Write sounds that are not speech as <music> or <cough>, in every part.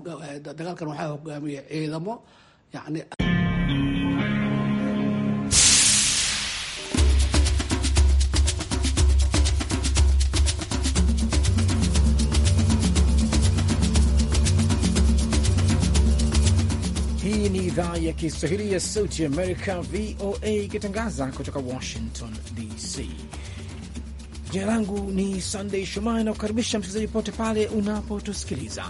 Dagaalkan waxaa hogaamiya ciidamo yani Hii ni idhaa ya Kiswahili ya Sauti Amerika, VOA, ikitangaza kutoka Washington DC. Jina langu ni Sandey Shomari, nakukaribisha msikilizaji pote pale unapotusikiliza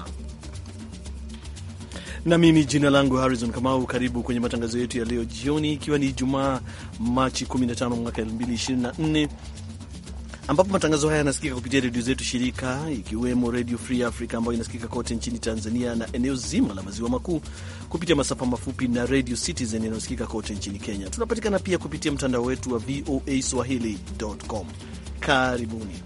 na mimi jina langu Harrison Kamau. Karibu kwenye matangazo yetu ya leo jioni, ikiwa ni Ijumaa Machi 15 mwaka 2024 ambapo matangazo haya yanasikika kupitia redio zetu shirika ikiwemo redio Free Africa ambayo inasikika kote nchini Tanzania na eneo zima la maziwa makuu kupitia masafa mafupi na Radio Citizen inayosikika kote nchini Kenya. Tunapatikana pia kupitia mtandao wetu wa VOA Swahili.com. Karibuni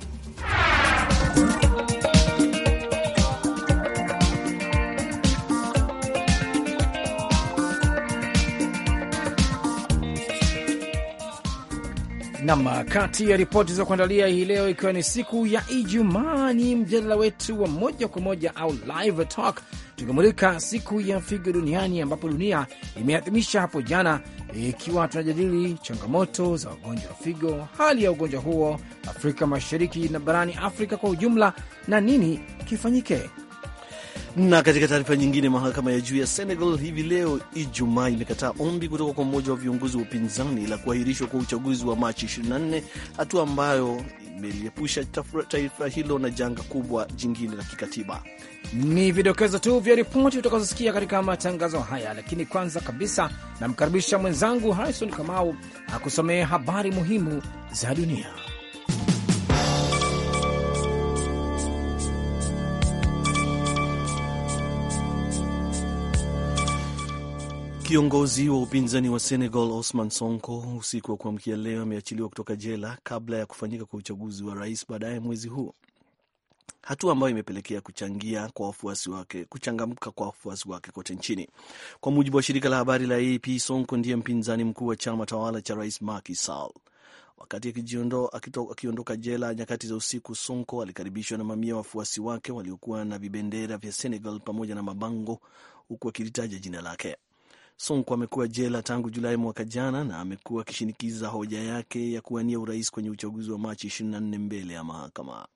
Nam, kati ya ripoti za kuandalia hii leo, ikiwa ni siku ya Ijumaa, ni mjadala wetu wa moja kwa moja au live talk, tukimulika siku ya figo duniani, ambapo dunia imeadhimisha hapo jana, ikiwa tunajadili changamoto za wagonjwa wa figo, hali ya ugonjwa huo Afrika Mashariki na barani Afrika kwa ujumla, na nini kifanyike. Na katika taarifa nyingine, mahakama ya juu ya Senegal hivi leo Ijumaa imekataa ombi kutoka kwa mmoja wa viongozi wa upinzani la kuahirishwa kwa uchaguzi wa Machi 24, hatua ambayo imeliepusha taifa hilo na janga kubwa jingine la kikatiba. Ni vidokezo tu vya ripoti utakazosikia katika matangazo haya, lakini kwanza kabisa namkaribisha mwenzangu Harrison Kamau akusomee habari muhimu za dunia. Kiongozi wa upinzani wa Senegal Osman Sonko usiku wa kuamkia leo ameachiliwa kutoka jela kabla ya kufanyika kwa uchaguzi wa rais baadaye mwezi huu, hatua ambayo imepelekea kuchangia kwa wafuasi wake kuchangamka kwa wafuasi wake kote nchini. Kwa mujibu wa shirika la habari la AP, Sonko ndiye mpinzani mkuu wa chama tawala cha rais Macky Sall. Wakati akiondoka jela nyakati za usiku, Sonko alikaribishwa na mamia wafuasi wake waliokuwa na vibendera vya Senegal pamoja na mabango, huku akilitaja jina lake. Sonko amekuwa jela tangu Julai mwaka jana na amekuwa akishinikiza hoja yake ya kuwania urais kwenye uchaguzi wa Machi 24 mbele ya mahakama.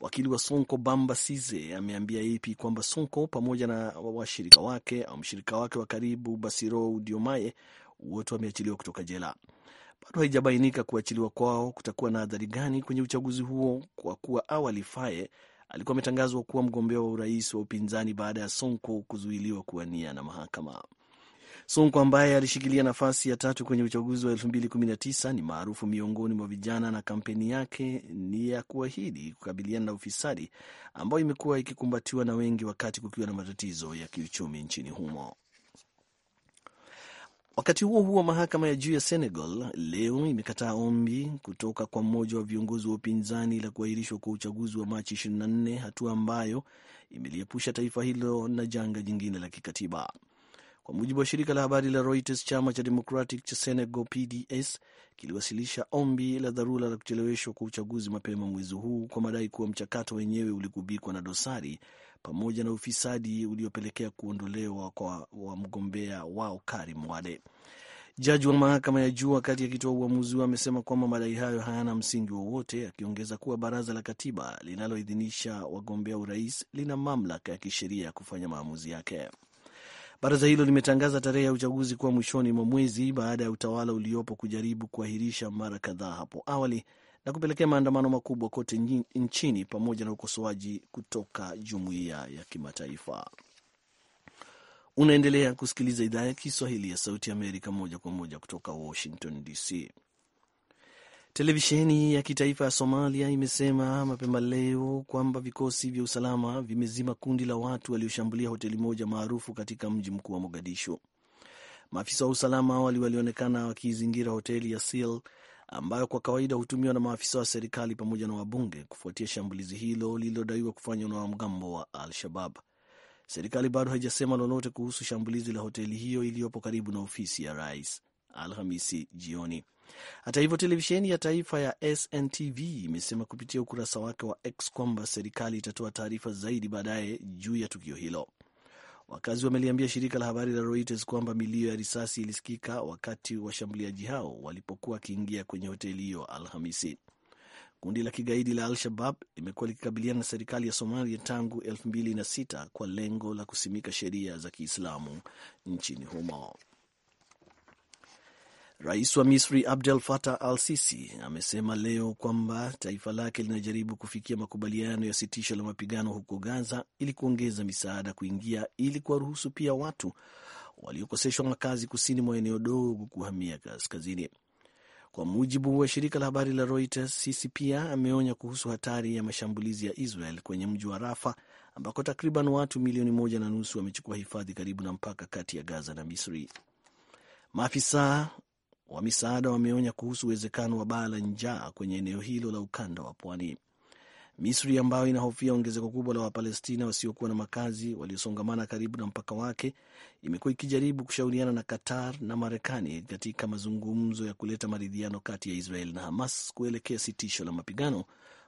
Wakili wa Sonko Bamba Size ameambia AP kwamba Sonko pamoja na washirika wake au mshirika wake wa karibu Basiro Diomaye wote wameachiliwa kutoka jela. Bado haijabainika kuachiliwa kwao kutakuwa na adhari gani kwenye uchaguzi huo, kwa kuwa awali Faye alikuwa ametangazwa kuwa mgombea wa urais wa upinzani baada ya Sonko kuzuiliwa kuwania na mahakama. Sonko ambaye alishikilia nafasi ya tatu kwenye uchaguzi wa 2019 ni maarufu miongoni mwa vijana na kampeni yake ni ya kuahidi kukabiliana na ufisadi ambayo imekuwa ikikumbatiwa na wengi wakati kukiwa na matatizo ya kiuchumi nchini humo. Wakati huo huo, mahakama ya juu ya Senegal leo imekataa ombi kutoka kwa mmoja wa viongozi wa upinzani la kuahirishwa kwa uchaguzi wa Machi 24, hatua ambayo imeliepusha taifa hilo na janga jingine la kikatiba. Kwa mujibu wa shirika la habari la Reuters, chama cha Democratic cha Senegal PDS kiliwasilisha ombi la dharura la kucheleweshwa kwa uchaguzi mapema mwezi huu kwa madai kuwa mchakato wenyewe uligubikwa na dosari pamoja na ufisadi uliopelekea kuondolewa kwa wa mgombea wao Karim Wade. Jaji wa mahakama ya juu wakati akitoa uamuzi huo amesema kwamba madai hayo hayana msingi wowote, akiongeza kuwa baraza la katiba linaloidhinisha wagombea urais lina mamlaka ya kisheria ya kufanya maamuzi yake. Baraza hilo limetangaza tarehe ya uchaguzi kuwa mwishoni mwa mwezi baada ya utawala uliopo kujaribu kuahirisha mara kadhaa hapo awali na kupelekea maandamano makubwa kote nchini pamoja na ukosoaji kutoka jumuiya ya kimataifa. Unaendelea kusikiliza idhaa ya Kiswahili ya Sauti ya Amerika moja kwa moja kutoka Washington DC. Televisheni ya kitaifa ya Somalia imesema mapema leo kwamba vikosi vya usalama vimezima kundi la watu walioshambulia hoteli moja maarufu katika mji mkuu wa Mogadishu. Maafisa wa usalama awali walionekana wakiizingira hoteli ya Sil ambayo kwa kawaida hutumiwa na maafisa wa serikali pamoja na wabunge kufuatia shambulizi hilo lililodaiwa kufanywa na wanamgambo wa Al-Shabab. Serikali bado haijasema lolote kuhusu shambulizi la hoteli hiyo iliyopo karibu na ofisi ya rais. Alhamisi jioni. Hata hivyo, televisheni ya taifa ya SNTV imesema kupitia ukurasa wake wa X kwamba serikali itatoa taarifa zaidi baadaye juu ya tukio hilo. Wakazi wameliambia shirika la habari la Reuters kwamba milio ya risasi ilisikika wakati washambuliaji hao walipokuwa wakiingia kwenye hoteli hiyo Alhamisi. Kundi la kigaidi la Al-Shabab limekuwa likikabiliana na serikali ya Somalia tangu 2006 kwa lengo la kusimika sheria za Kiislamu nchini humo. Rais wa Misri Abdel Fattah al Sisi amesema leo kwamba taifa lake linajaribu kufikia makubaliano ya sitisho la mapigano huko Gaza ili kuongeza misaada kuingia ili kuwaruhusu pia watu waliokoseshwa makazi kusini mwa eneo dogo kuhamia kaskazini. Kwa mujibu wa shirika la habari la Reuters, Sisi pia ameonya kuhusu hatari ya mashambulizi ya Israel kwenye mji wa Rafa ambako takriban watu milioni moja na nusu wamechukua hifadhi karibu na mpaka kati ya Gaza na Misri. Maafisa wa misaada wameonya kuhusu uwezekano wa baa la njaa kwenye eneo hilo la ukanda wa pwani. Misri ambayo inahofia ongezeko kubwa la Wapalestina wasiokuwa na makazi waliosongamana karibu na mpaka wake imekuwa ikijaribu kushauriana na Qatar na Marekani katika mazungumzo ya kuleta maridhiano kati ya Israel na Hamas kuelekea sitisho la mapigano,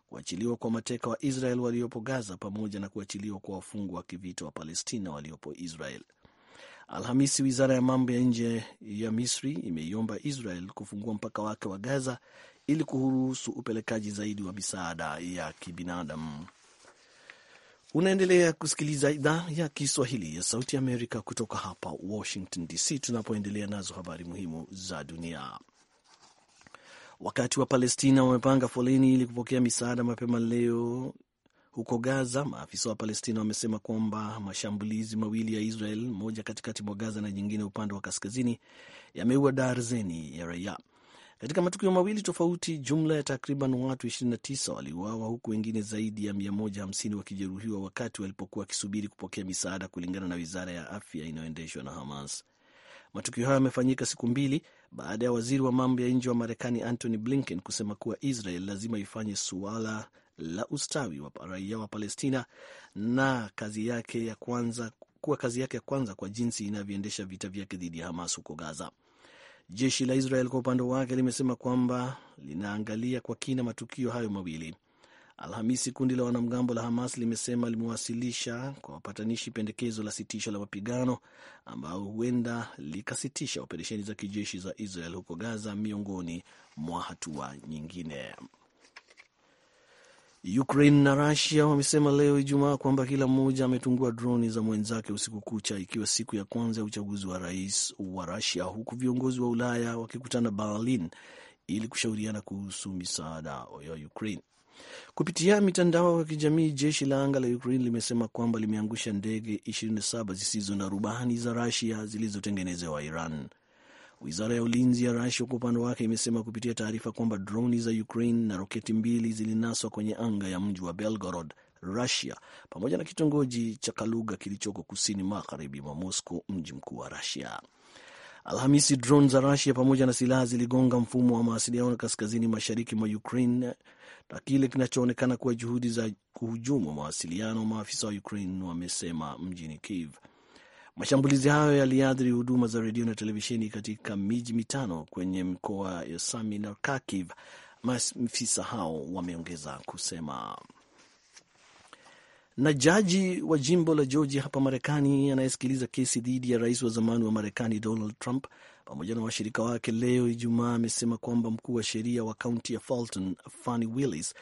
kuachiliwa kwa mateka wa Israel waliopo Gaza pamoja na kuachiliwa kwa wafungwa wa kivita wa Palestina waliopo Israel. Alhamisi, wizara ya mambo ya nje ya Misri imeiomba Israel kufungua mpaka wake wa Gaza ili kuruhusu upelekaji zaidi wa misaada ya kibinadamu. Unaendelea kusikiliza idhaa ya Kiswahili ya Sauti Amerika kutoka hapa Washington DC, tunapoendelea nazo habari muhimu za dunia. Wakati wa Palestina wamepanga foleni ili kupokea misaada mapema leo huko Gaza, maafisa wa Palestina wamesema kwamba mashambulizi mawili ya Israel, moja katikati mwa Gaza na nyingine upande wa kaskazini, yameua darzeni ya raia. Katika matukio mawili tofauti, jumla ya takriban watu 29 waliuawa huku wengine zaidi ya 150 wakijeruhiwa wakati walipokuwa wakisubiri kupokea misaada, kulingana na wizara ya afya inayoendeshwa na Hamas. Matukio hayo yamefanyika siku mbili baada ya waziri wa mambo ya nje wa Marekani Antony Blinken kusema kuwa Israel lazima ifanye suala la ustawi wa raia wa Palestina na kazi yake ya kwanza, kuwa kazi yake ya kwanza kwa jinsi inavyoendesha vita vyake dhidi ya Hamas huko Gaza. Jeshi la Israel kwa upande wake limesema kwamba linaangalia kwa kina matukio hayo mawili. Alhamisi, kundi la wanamgambo la Hamas limesema limewasilisha kwa wapatanishi pendekezo la sitisho la mapigano ambao huenda likasitisha operesheni za kijeshi za Israel huko Gaza, miongoni mwa hatua nyingine. Ukraine na Russia wamesema leo Ijumaa kwamba kila mmoja ametungua droni za mwenzake usiku kucha, ikiwa siku ya kwanza ya uchaguzi wa rais wa Russia, huku viongozi wa Ulaya wakikutana Berlin ili kushauriana kuhusu misaada ya Ukraine. Kupitia mitandao ya kijamii, jeshi la anga la Ukraine limesema kwamba limeangusha ndege 27 zisizo na rubani za Russia zilizotengenezewa Iran. Wizara ya ulinzi ya Rusia kwa upande wake imesema kupitia taarifa kwamba droni za Ukraine na roketi mbili zilinaswa kwenye anga ya mji wa Belgorod, Rusia, pamoja na kitongoji cha Kaluga kilichoko kusini magharibi mwa Moscow, mji mkuu wa Rusia. Alhamisi, drone za Rusia pamoja na silaha ziligonga mfumo wa mawasiliano kaskazini mashariki mwa Ukraine na kile kinachoonekana kuwa juhudi za kuhujumu mawasiliano, maafisa wa Ukraine wamesema mjini Kiev. Mashambulizi hayo yaliathiri huduma za redio na televisheni katika miji mitano kwenye mkoa ya Sami na Kharkiv, maafisa hao wameongeza kusema. Na jaji wa jimbo la Georgia hapa Marekani anayesikiliza kesi dhidi ya rais wa zamani wa Marekani Donald Trump pamoja na washirika wake leo Ijumaa amesema kwamba mkuu wa sheria wa kaunti ya Fulton Fani Willis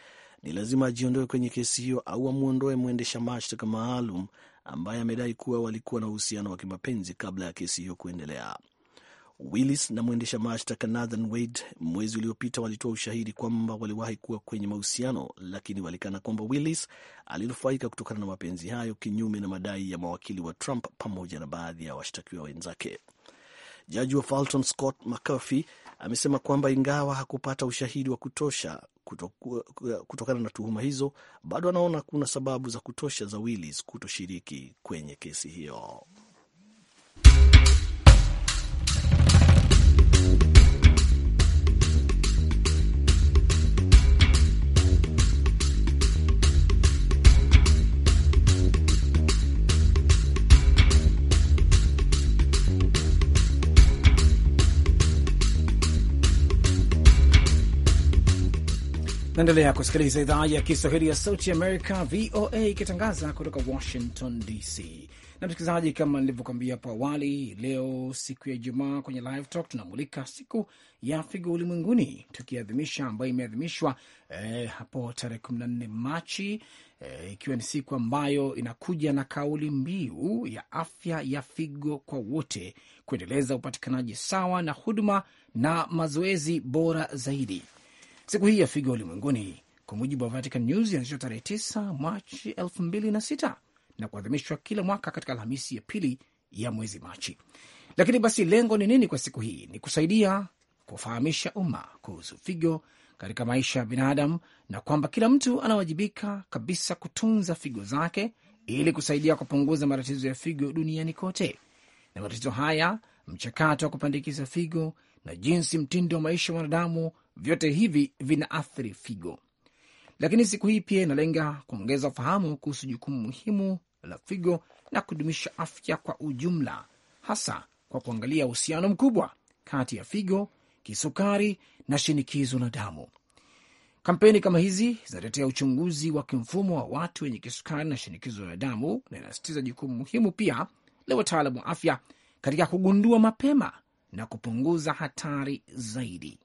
ni lazima ajiondoe kwenye kesi hiyo au amwondoe mwendesha mashtaka maalum ambaye amedai kuwa walikuwa na uhusiano wa kimapenzi kabla ya kesi hiyo kuendelea. Willis na mwendesha mashtaka Nathan Wade mwezi uliopita walitoa ushahidi kwamba waliwahi kuwa kwenye mahusiano, lakini walikana kwamba Willis alinufaika kutokana na mapenzi hayo, kinyume na madai ya mawakili wa Trump pamoja na baadhi ya washtakiwa wenzake. Jaji wa Fulton Scott McAfee amesema kwamba ingawa hakupata ushahidi wa kutosha kutokana na tuhuma hizo, bado anaona kuna sababu za kutosha za Willis kutoshiriki kwenye kesi hiyo. Naendelea kusikiliza idhaa ya Kiswahili ya Sauti Amerika, VOA, ikitangaza kutoka Washington DC. Na msikilizaji, kama nilivyokwambia hapo awali, leo siku ya Ijumaa kwenye Live Talk tunamulika siku ya figo ulimwenguni, tukiadhimisha ambayo imeadhimishwa eh, hapo tarehe 14 Machi, eh, ikiwa ni siku ambayo inakuja na kauli mbiu ya afya ya figo kwa wote, kuendeleza upatikanaji sawa na huduma na mazoezi bora zaidi. Siku hii ya figo ulimwenguni kwa mujibu wa Vatican News inaanzishwa tarehe 9 Machi 2006 na kuadhimishwa kila mwaka katika Alhamisi ya pili ya mwezi Machi. Lakini basi lengo ni nini kwa siku hii? Ni kusaidia kufahamisha umma kuhusu figo katika maisha ya binadamu na kwamba kila mtu anawajibika kabisa kutunza figo zake ili kusaidia kupunguza matatizo ya figo duniani kote. Na matatizo haya, mchakato wa kupandikiza figo na jinsi mtindo wa maisha wa wanadamu, vyote hivi vinaathiri figo. Lakini siku hii pia inalenga kuongeza ufahamu kuhusu jukumu muhimu la figo na kudumisha afya kwa ujumla, hasa kwa kuangalia uhusiano mkubwa kati ya figo, kisukari na shinikizo la damu. Kampeni kama hizi zinatetea uchunguzi wa kimfumo wa watu wenye kisukari na shinikizo la damu na inasitiza jukumu muhimu pia la wataalamu wa afya katika kugundua mapema na kupunguza hatari zaidi.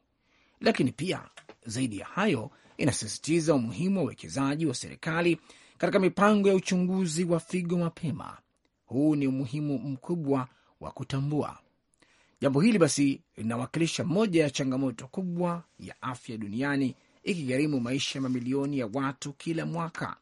Lakini pia zaidi ya hayo, inasisitiza umuhimu wa uwekezaji wa serikali katika mipango ya uchunguzi wa figo mapema. Huu ni umuhimu mkubwa wa kutambua jambo hili. Basi linawakilisha moja ya changamoto kubwa ya afya duniani, ikigharimu maisha ya mamilioni ya watu kila mwaka.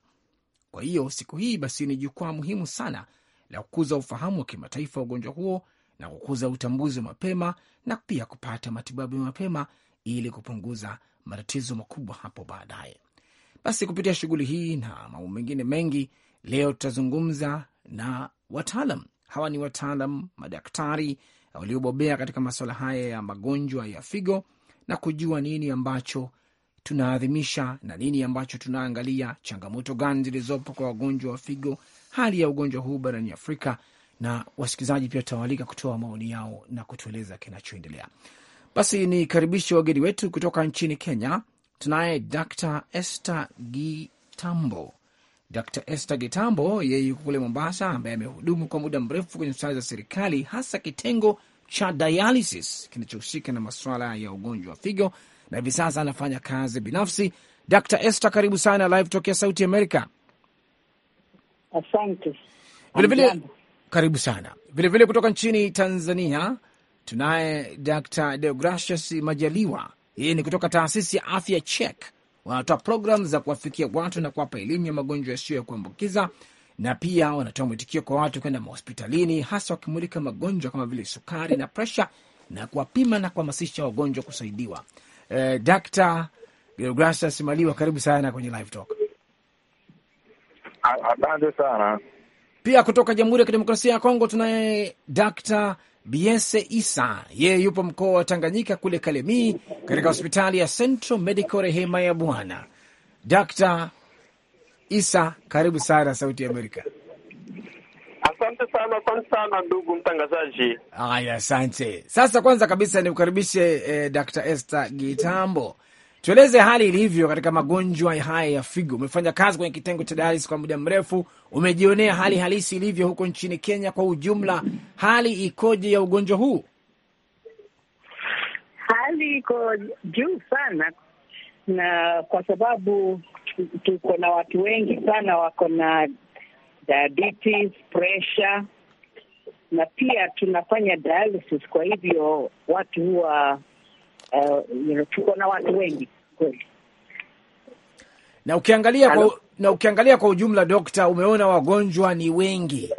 Kwa hiyo siku hii basi ni jukwaa muhimu sana la kukuza ufahamu wa kimataifa wa ugonjwa huo na kukuza utambuzi mapema na pia kupata matibabu mapema ili kupunguza matatizo makubwa hapo baadaye. Basi kupitia shughuli hii na mambo mengine mengi, leo tutazungumza na wataalam hawa. Ni wataalam madaktari waliobobea katika masuala haya ya magonjwa ya figo na kujua nini ambacho tunaadhimisha na nini ambacho tunaangalia, changamoto gani zilizopo kwa wagonjwa wa figo, hali ya ugonjwa huu barani Afrika na wasikilizaji pia tutawaalika kutoa maoni yao na kutueleza kinachoendelea. Basi ni karibishe wageni wetu kutoka nchini Kenya. Tunaye Dr Esther Gitambo. Dr Esther Gitambo, yeye yuko kule Mombasa, ambaye amehudumu kwa muda mrefu kwenye hospitali za serikali, hasa kitengo cha dialysis kinachohusika na masuala ya ugonjwa wa figo, na hivi sasa anafanya kazi binafsi. Dr Esther, karibu sana live tokea Sauti Amerika. Asante vilevile karibu sana vilevile vile kutoka nchini Tanzania tunaye Dr. Deogracius Majaliwa, yeye ni kutoka taasisi ya afya Check. Wanatoa programu za kuwafikia watu na kuwapa elimu ya magonjwa yasiyo ya kuambukiza, na pia wanatoa mwitikio kwa watu kwenda mahospitalini, hasa wakimulika magonjwa kama vile sukari na presha na kuwapima na kuhamasisha wagonjwa kusaidiwa. Eh, Dr. Deogracius Majaliwa, karibu sana kwenye Live Talk. Asante sana. Pia kutoka Jamhuri ya Kidemokrasia ya Kongo tunaye Dr. Biese Isa, yeye yupo mkoa wa Tanganyika kule Kalemie, katika hospitali ya Central Medical Rehema ya Bwana. Dr. Isa, karibu sana Sauti ya Amerika. Asante sana, asante sana ndugu mtangazaji. Haya, asante. Sasa kwanza kabisa nimkaribishe eh, Dr. Esther Gitambo. Tueleze hali ilivyo katika magonjwa haya ya figo. Umefanya kazi kwenye kitengo cha dialysis kwa muda mrefu, umejionea hali halisi ilivyo huko nchini Kenya. Kwa ujumla, hali ikoje ya ugonjwa huu? Hali iko juu sana, na kwa sababu tuko na watu wengi sana wako na diabetes, pressure na pia tunafanya dialysis, kwa hivyo watu huwa uh, tuko na watu wengi kweli. Na ukiangalia kwa, na ukiangalia kwa ujumla, Dokta, umeona wagonjwa ni wengi,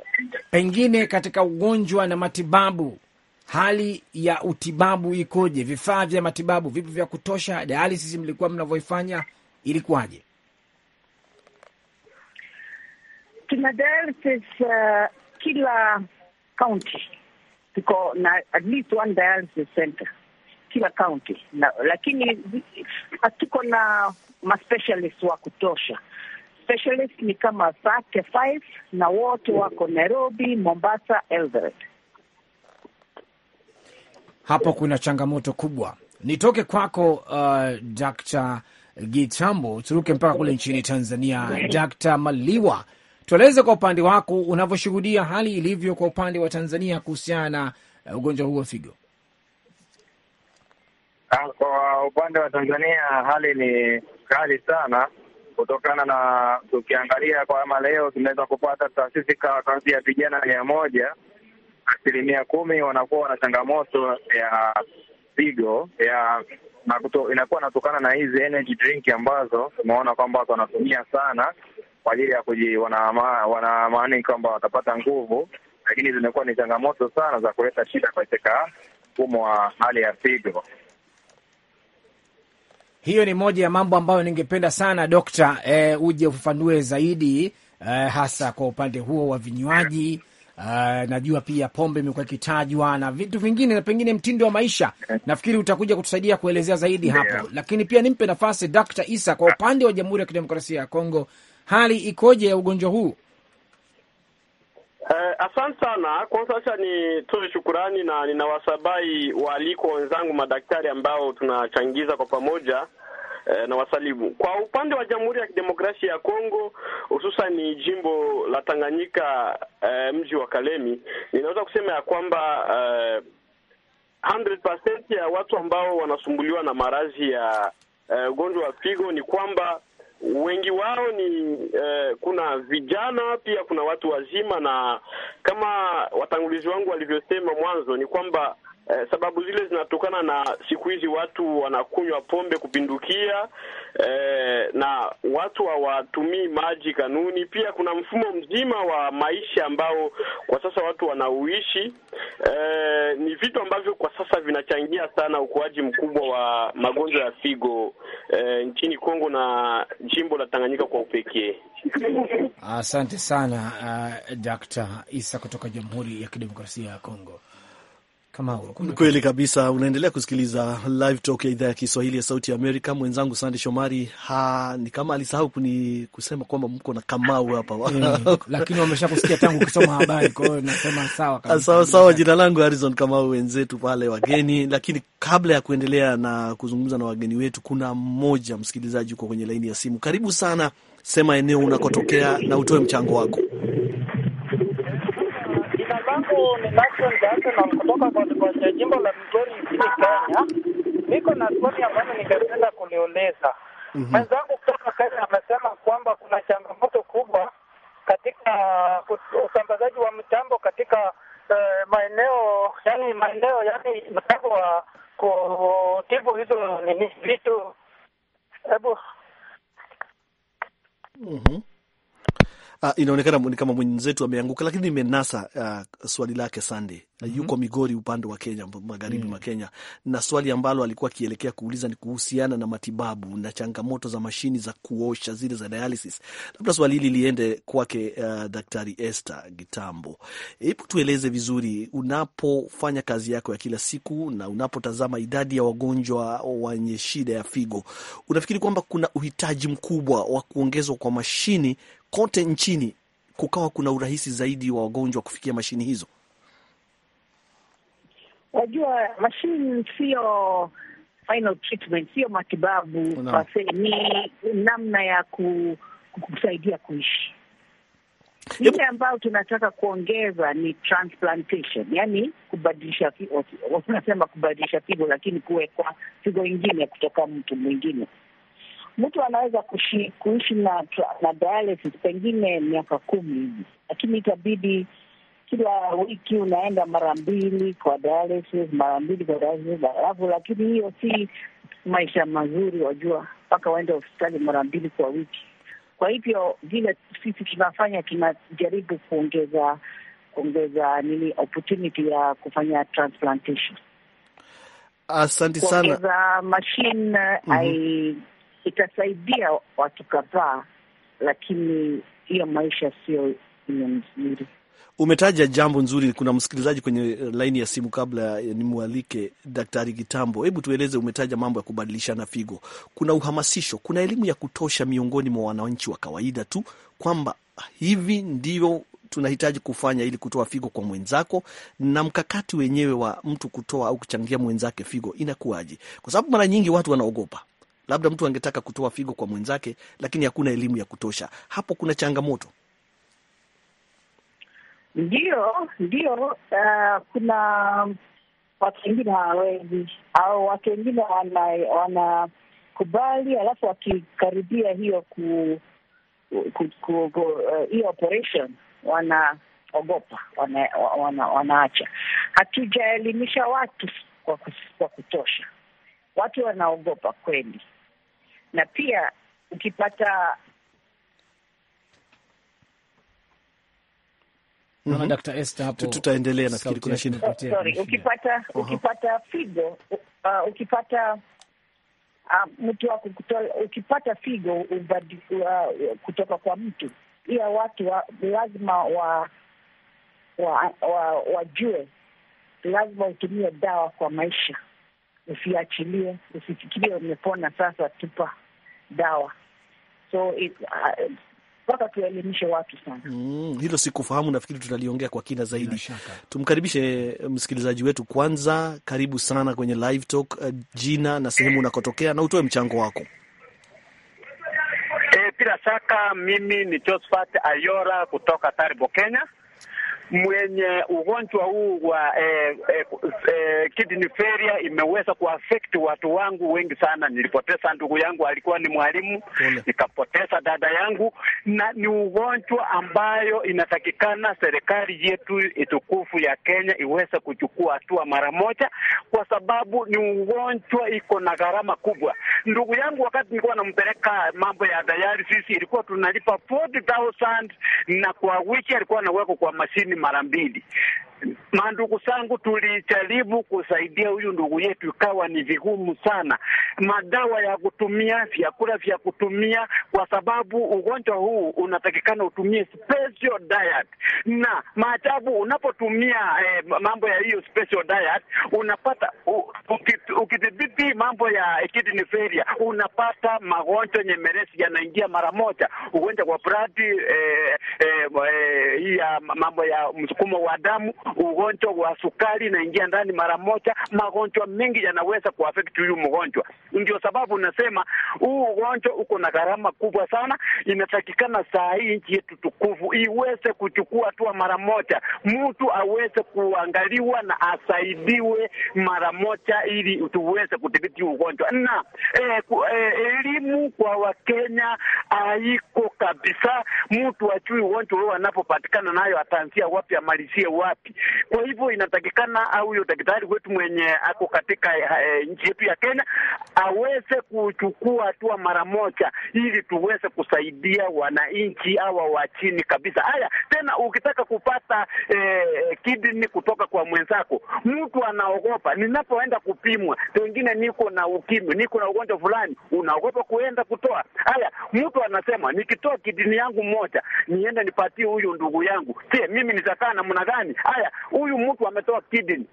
pengine katika ugonjwa na matibabu hali ya utibabu ikoje? Vifaa vya matibabu vipi vya kutosha? Dialysis mlikuwa mnavyoifanya ilikuwaje? Tuna dialysis uh, kila county tuko na at least one dialysis center kila kaunti na, lakini hatuko na maspecialist wa kutosha. Specialist ni kama Sake Five na wote wako Nairobi, Mombasa, Eldoret. Hapo kuna changamoto kubwa. Nitoke kwako uh, Dr. Gitambo, turuke mpaka kule nchini Tanzania. Dr. Maliwa, tueleze kwa upande wako unavyoshuhudia hali ilivyo kwa upande wa Tanzania kuhusiana na uh, ugonjwa huu wa figo. Ah, kwa upande wa Tanzania hali ni kali sana, kutokana na tukiangalia kwama leo tunaweza kupata taasisi kazi ya vijana mia moja asilimia kumi wanakuwa na changamoto ya pigo ya na kuto, inakuwa natokana na hizi energy drink ambazo tumeona kwamba watu wanatumia sana kwa ajili ya kuji, wanaamani kwamba watapata nguvu, lakini zimekuwa ni changamoto sana za kuleta shida katika mfumo wa hali ya figo hiyo ni moja ya mambo ambayo ningependa sana dokta, e, uje ufafanue zaidi e, hasa kwa upande huo wa vinywaji. Uh, najua pia pombe imekuwa ikitajwa na vitu vingine na pengine mtindo wa maisha. Nafikiri utakuja kutusaidia kuelezea zaidi hapo yeah. Lakini pia nimpe nafasi d Isa, kwa upande wa Jamhuri ya Kidemokrasia ya Kongo hali ikoje ya ugonjwa huu Eh, asante sana. Kwanza acha nitoe shukurani na ninawasabai waliko wenzangu madaktari ambao tunachangiza kwa pamoja eh, na wasalimu. Kwa upande wa Jamhuri ya Kidemokrasia ya Kongo, hususan ni jimbo la Tanganyika, eh, mji wa Kalemi, ninaweza kusema ya kwamba eh, 100% ya watu ambao wanasumbuliwa na maradhi ya eh, ugonjwa eh, wa figo ni kwamba wengi wao ni eh, kuna vijana pia kuna watu wazima, na kama watangulizi wangu walivyosema mwanzo ni kwamba Eh, sababu zile zinatokana na siku hizi watu wanakunywa pombe kupindukia, eh, na watu hawatumii maji kanuni. Pia kuna mfumo mzima wa maisha ambao kwa sasa watu wanauishi. Eh, ni vitu ambavyo kwa sasa vinachangia sana ukuaji mkubwa wa magonjwa ya figo eh, nchini Kongo na jimbo la Tanganyika kwa upekee. Asante sana uh, Dr. Isa kutoka Jamhuri ya Kidemokrasia ya Kongo. Ni kweli kabisa. Unaendelea kusikiliza Live Talk ya idhaa ya Kiswahili ya Sauti ya Amerika. Mwenzangu Sande Shomari ha, ni kama alisahau kuni kusema kwamba mko na Kamau hapa mm, lakini wameshakusikia tangu kusoma habari, kwa hiyo nasema sawa kabisa. Sawa sawa, jina langu Harrison Kamau, wenzetu pale wageni. Lakini kabla ya kuendelea na kuzungumza na wageni wetu, kuna mmoja msikilizaji uko kwenye laini ya simu. Karibu sana, sema eneo unakotokea na utoe mchango wako. na kutoka kwenye jimbo la Migori nchini Kenya. Niko na swali ambalo ningependa kuliuliza mhm. mwenzangu kutoka Kenya. Amesema kwamba kuna changamoto kubwa katika usambazaji wa mtambo katika eh, maeneo yani maeneo yani mtambo wa kutibu hizo nini vitu hebu mhm. Uh, inaonekana ni kama mwenzetu ameanguka, lakini nimenasa uh, ah, swali lake Sande ah, mm -hmm. Yuko Migori upande wa Kenya, magharibi mm -hmm. Kenya, na swali ambalo alikuwa akielekea kuuliza ni kuhusiana na matibabu na changamoto za mashini za kuosha zile za dialysis. Labda swali hili liende kwake uh, Daktari Esther Gitambo. Hebu tueleze vizuri, unapofanya kazi yako ya kila siku na unapotazama idadi ya wagonjwa wenye shida ya figo, unafikiri kwamba kuna uhitaji mkubwa wa kuongezwa kwa mashini kote nchini kukawa kuna urahisi zaidi wa wagonjwa kufikia mashini hizo? Wajua, mashini sio final treatment, sio matibabu no. Ni namna ya ku, kusaidia kuishi. Ile ambayo tunataka kuongeza ni transplantation, yani kubadilisha, unasema kubadilisha figo, lakini kuwekwa figo ingine kutoka mtu mwingine mtu anaweza kushi, kuishi na, na dialysis pengine miaka kumi hivi, lakini itabidi kila wiki unaenda mara mbili kwa dialysis, mara mbili kwa dialysis, alafu lakini hiyo si maisha mazuri, wajua, mpaka waende hospitali mara mbili kwa wiki. Kwa hivyo vile sisi tunafanya tunajaribu kuongeza kuongeza nini opportunity ya kufanya transplantation. Asante sana. Kuongeza machine mm -hmm itasaidia watu kadhaa, lakini hiyo maisha sio ne mzuri. Umetaja jambo nzuri. Kuna msikilizaji kwenye laini ya simu, kabla nimwalike Daktari Kitambo, hebu tueleze. Umetaja mambo ya kubadilishana figo, kuna uhamasisho, kuna elimu ya kutosha miongoni mwa wananchi wa kawaida tu kwamba hivi ndivyo tunahitaji kufanya ili kutoa figo kwa mwenzako, na mkakati wenyewe wa mtu kutoa au kuchangia mwenzake figo inakuwaje? Kwa sababu mara nyingi watu wanaogopa labda mtu angetaka kutoa figo kwa mwenzake, lakini hakuna elimu ya kutosha. Hapo kuna changamoto. Ndio, ndio. Uh, kuna watu wengine hawawezi au watu wengine wanakubali, wana alafu wakikaribia hiyo ku, ku, ku, ku, uh, hiyo operation wanaogopa, wanaacha wana, wana hatujaelimisha watu kwa, kwa kutosha. Watu wanaogopa kweli, na pia ukipata Mm -hmm. Dr. Esther hapo tutaendelea, nafikiri kuna shida. Sorry, ukipata uh -huh. ukipata figo uh, ukipata uh, mtu wako ukipata figo ubadi, uh, kutoka kwa mtu pia watu wa, lazima wa wa wajue wa, wa lazima utumie dawa kwa maisha, usiachilie, usifikirie umepona sasa tupa dawa so it, uh, tuwaelimishe watu sana mm, hilo sikufahamu. Nafikiri tutaliongea kwa kina zaidi. Tumkaribishe eh, msikilizaji wetu kwanza. Karibu sana kwenye Live Talk, uh, eh, jina na sehemu unakotokea na utoe mchango wako. E, shaka mimi ni Josephat Ayora kutoka Taribo, Kenya mwenye ugonjwa huu wa eh, eh, eh, kidney failure imeweza kuaffect watu wangu wengi sana. Nilipoteza ndugu yangu, alikuwa ni mwalimu, nikapoteza dada yangu, na ni ugonjwa ambayo inatakikana serikali yetu itukufu ya Kenya iweze kuchukua hatua mara moja, kwa sababu ni ugonjwa iko na gharama kubwa. Ndugu yangu, wakati nilikuwa nampeleka mambo ya sisi ilikuwa tunalipa 40000 na kwa wiki alikuwa anawekwa kwa mashini Marambide. Mandugu zangu, tulijaribu kusaidia huyu ndugu yetu, ikawa ni vigumu sana, madawa ya kutumia, vyakula vya kutumia, kwa sababu ugonjwa huu unatakikana utumie special diet, na maajabu unapotumia eh, mambo ya hiyo special diet unapata ukidhibiti mambo ya kidney failure unapata magonjwa nyemelezi yanaingia mara moja, ugonjwa kwa bradi eh, eh, eh, ya mambo ya msukumo wa damu ugonjwa wa sukari naingia ndani mara moja. Magonjwa mengi yanaweza kuaffect huyu mgonjwa, ndio sababu nasema huu ugonjwa uko na gharama kubwa sana. Inatakikana saa hii nchi yetu tukufu iweze kuchukua hatua mara moja, mtu aweze kuangaliwa na asaidiwe mara moja, ili tuweze kudhibiti ugonjwa. Na eh, ku, eh, elimu kwa Wakenya haiko kabisa. Mtu ajui ugonjwa huo anapopatikana nayo, ataanzia wapi, amalizie wapi? Kwa hivyo inatakikana au huyo daktari wetu mwenye ako katika e, nchi yetu ya Kenya aweze kuchukua hatua mara moja, ili tuweze kusaidia wananchi hawa wa chini kabisa. Haya tena, ukitaka kupata e, kidney kutoka kwa mwenzako, mtu anaogopa, ninapoenda kupimwa, pengine niko na ukimwi, niko na ugonjwa fulani, unaogopa kuenda kutoa. Haya, mtu anasema nikitoa kidini yangu moja niende nipatie huyu ndugu yangu, je, mimi nitakaa namna gani? Haya, haya, huyu mtu ametoa kidney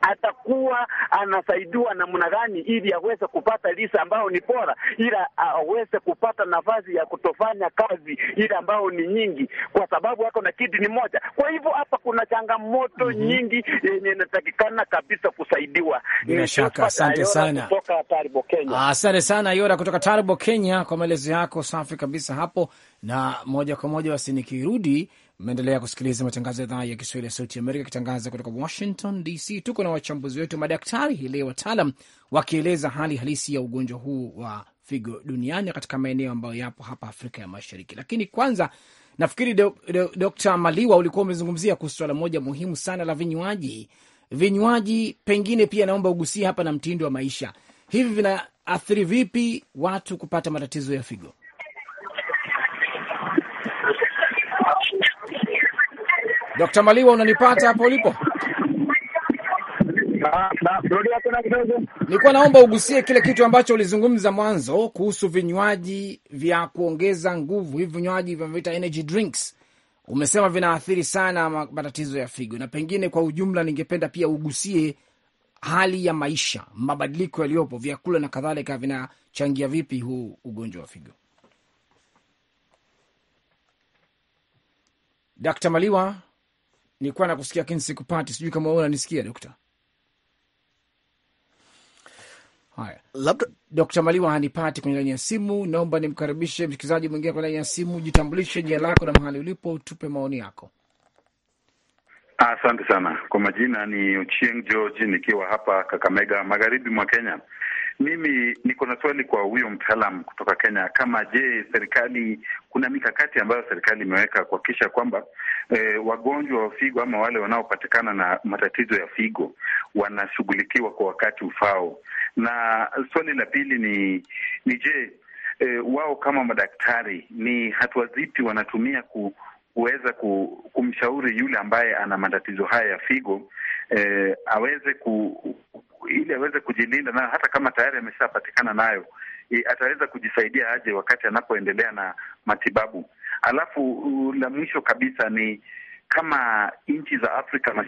atakuwa anasaidiwa namna gani ili aweze kupata lisa ambayo ni bora, ila aweze kupata nafasi ya kutofanya kazi ile ambayo ni nyingi, kwa sababu ako na kidney moja. Kwa hivyo hapa kuna changamoto mm -hmm. nyingi yenye inatakikana kabisa kusaidiwa. Bila eh, shaka, asante sana kutoka Taribo, Kenya. Asante sana Yora kutoka Taribo, Kenya, kwa maelezo yako safi kabisa hapo, na moja kwa moja basi nikirudi Mnaendelea kusikiliza matangazo ya idhaa ya Kiswahili ya Sauti Amerika ikitangaza kutoka Washington DC. Tuko na wachambuzi wetu madaktari hii leo, wataalam wakieleza hali halisi ya ugonjwa huu wa figo duniani katika maeneo ambayo yapo hapa Afrika ya Mashariki. Lakini kwanza nafikiri do, do, Maliwa ulikuwa umezungumzia kuhusu swala moja muhimu sana la vinywaji. Vinywaji pengine pia naomba ugusie hapa, na mtindo wa maisha, hivi vinaathiri vipi watu kupata matatizo ya figo? Dr. Maliwa, unanipata hapo ulipo? Nilikuwa naomba ugusie kile kitu ambacho ulizungumza mwanzo kuhusu vinywaji vya kuongeza nguvu, hivi vinywaji vinavyoita energy drinks. Umesema vinaathiri sana matatizo ya figo, na pengine kwa ujumla, ningependa pia ugusie hali ya maisha, mabadiliko yaliyopo, vyakula na kadhalika, vinachangia vipi huu ugonjwa wa figo? Dkt. Maliwa nilikuwa nakusikia lakini sikupati, sijui kama wewe unanisikia dokta. Haya, labda Dokta Maliwa hanipati kwenye laini ya simu. Naomba nimkaribishe msikilizaji mwingine kwenye laini ya simu. Jitambulishe jina lako na mahali ulipo, tupe maoni yako. Asante sana. Kwa majina ni Uchieng George, nikiwa hapa Kakamega, magharibi mwa Kenya. Mimi niko na swali kwa huyo mtaalam kutoka Kenya, kama je, serikali kuna mikakati ambayo serikali imeweka kuhakikisha kwamba eh, wagonjwa wa figo ama wale wanaopatikana na matatizo ya figo wanashughulikiwa kwa wakati ufao? Na swali la pili ni ni je, eh, wao kama madaktari ni hatua zipi wanatumia ku kuweza kumshauri yule ambaye ana matatizo haya ya figo eh, aweze ku ili aweze kujilinda nayo, hata kama tayari ameshapatikana nayo e, ataweza kujisaidia aje wakati anapoendelea na matibabu. Alafu uh, la mwisho kabisa ni kama nchi za Afrika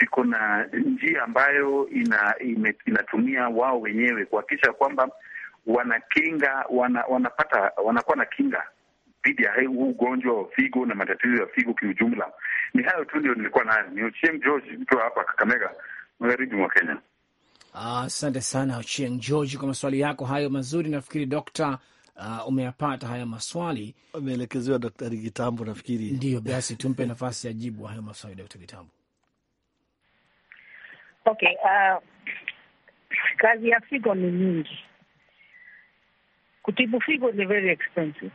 ziko na njia ambayo ina, ina, inatumia wao wenyewe kuhakikisha kwamba wanakinga wana, wanapata wanakuwa na kinga dhidi ya huu ugonjwa wa figo na matatizo ya figo kiujumla. Ni hayo tu ndio nilikuwa nayo. Ni Ochieng George kutoka hapa Kakamega, magharibi mwa Kenya. Asante ah, sana Ochieng George kwa maswali yako hayo mazuri. Nafikiri dokta Uh, umeyapata haya maswali, umeelekezewa Daktari Gitambo, nafikiri ndio basi, tumpe nafasi ya jibu hayo maswali Daktari Gitambo. Okay, uh, kazi ya figo ni nyingi, kutibu figo ni very expensive.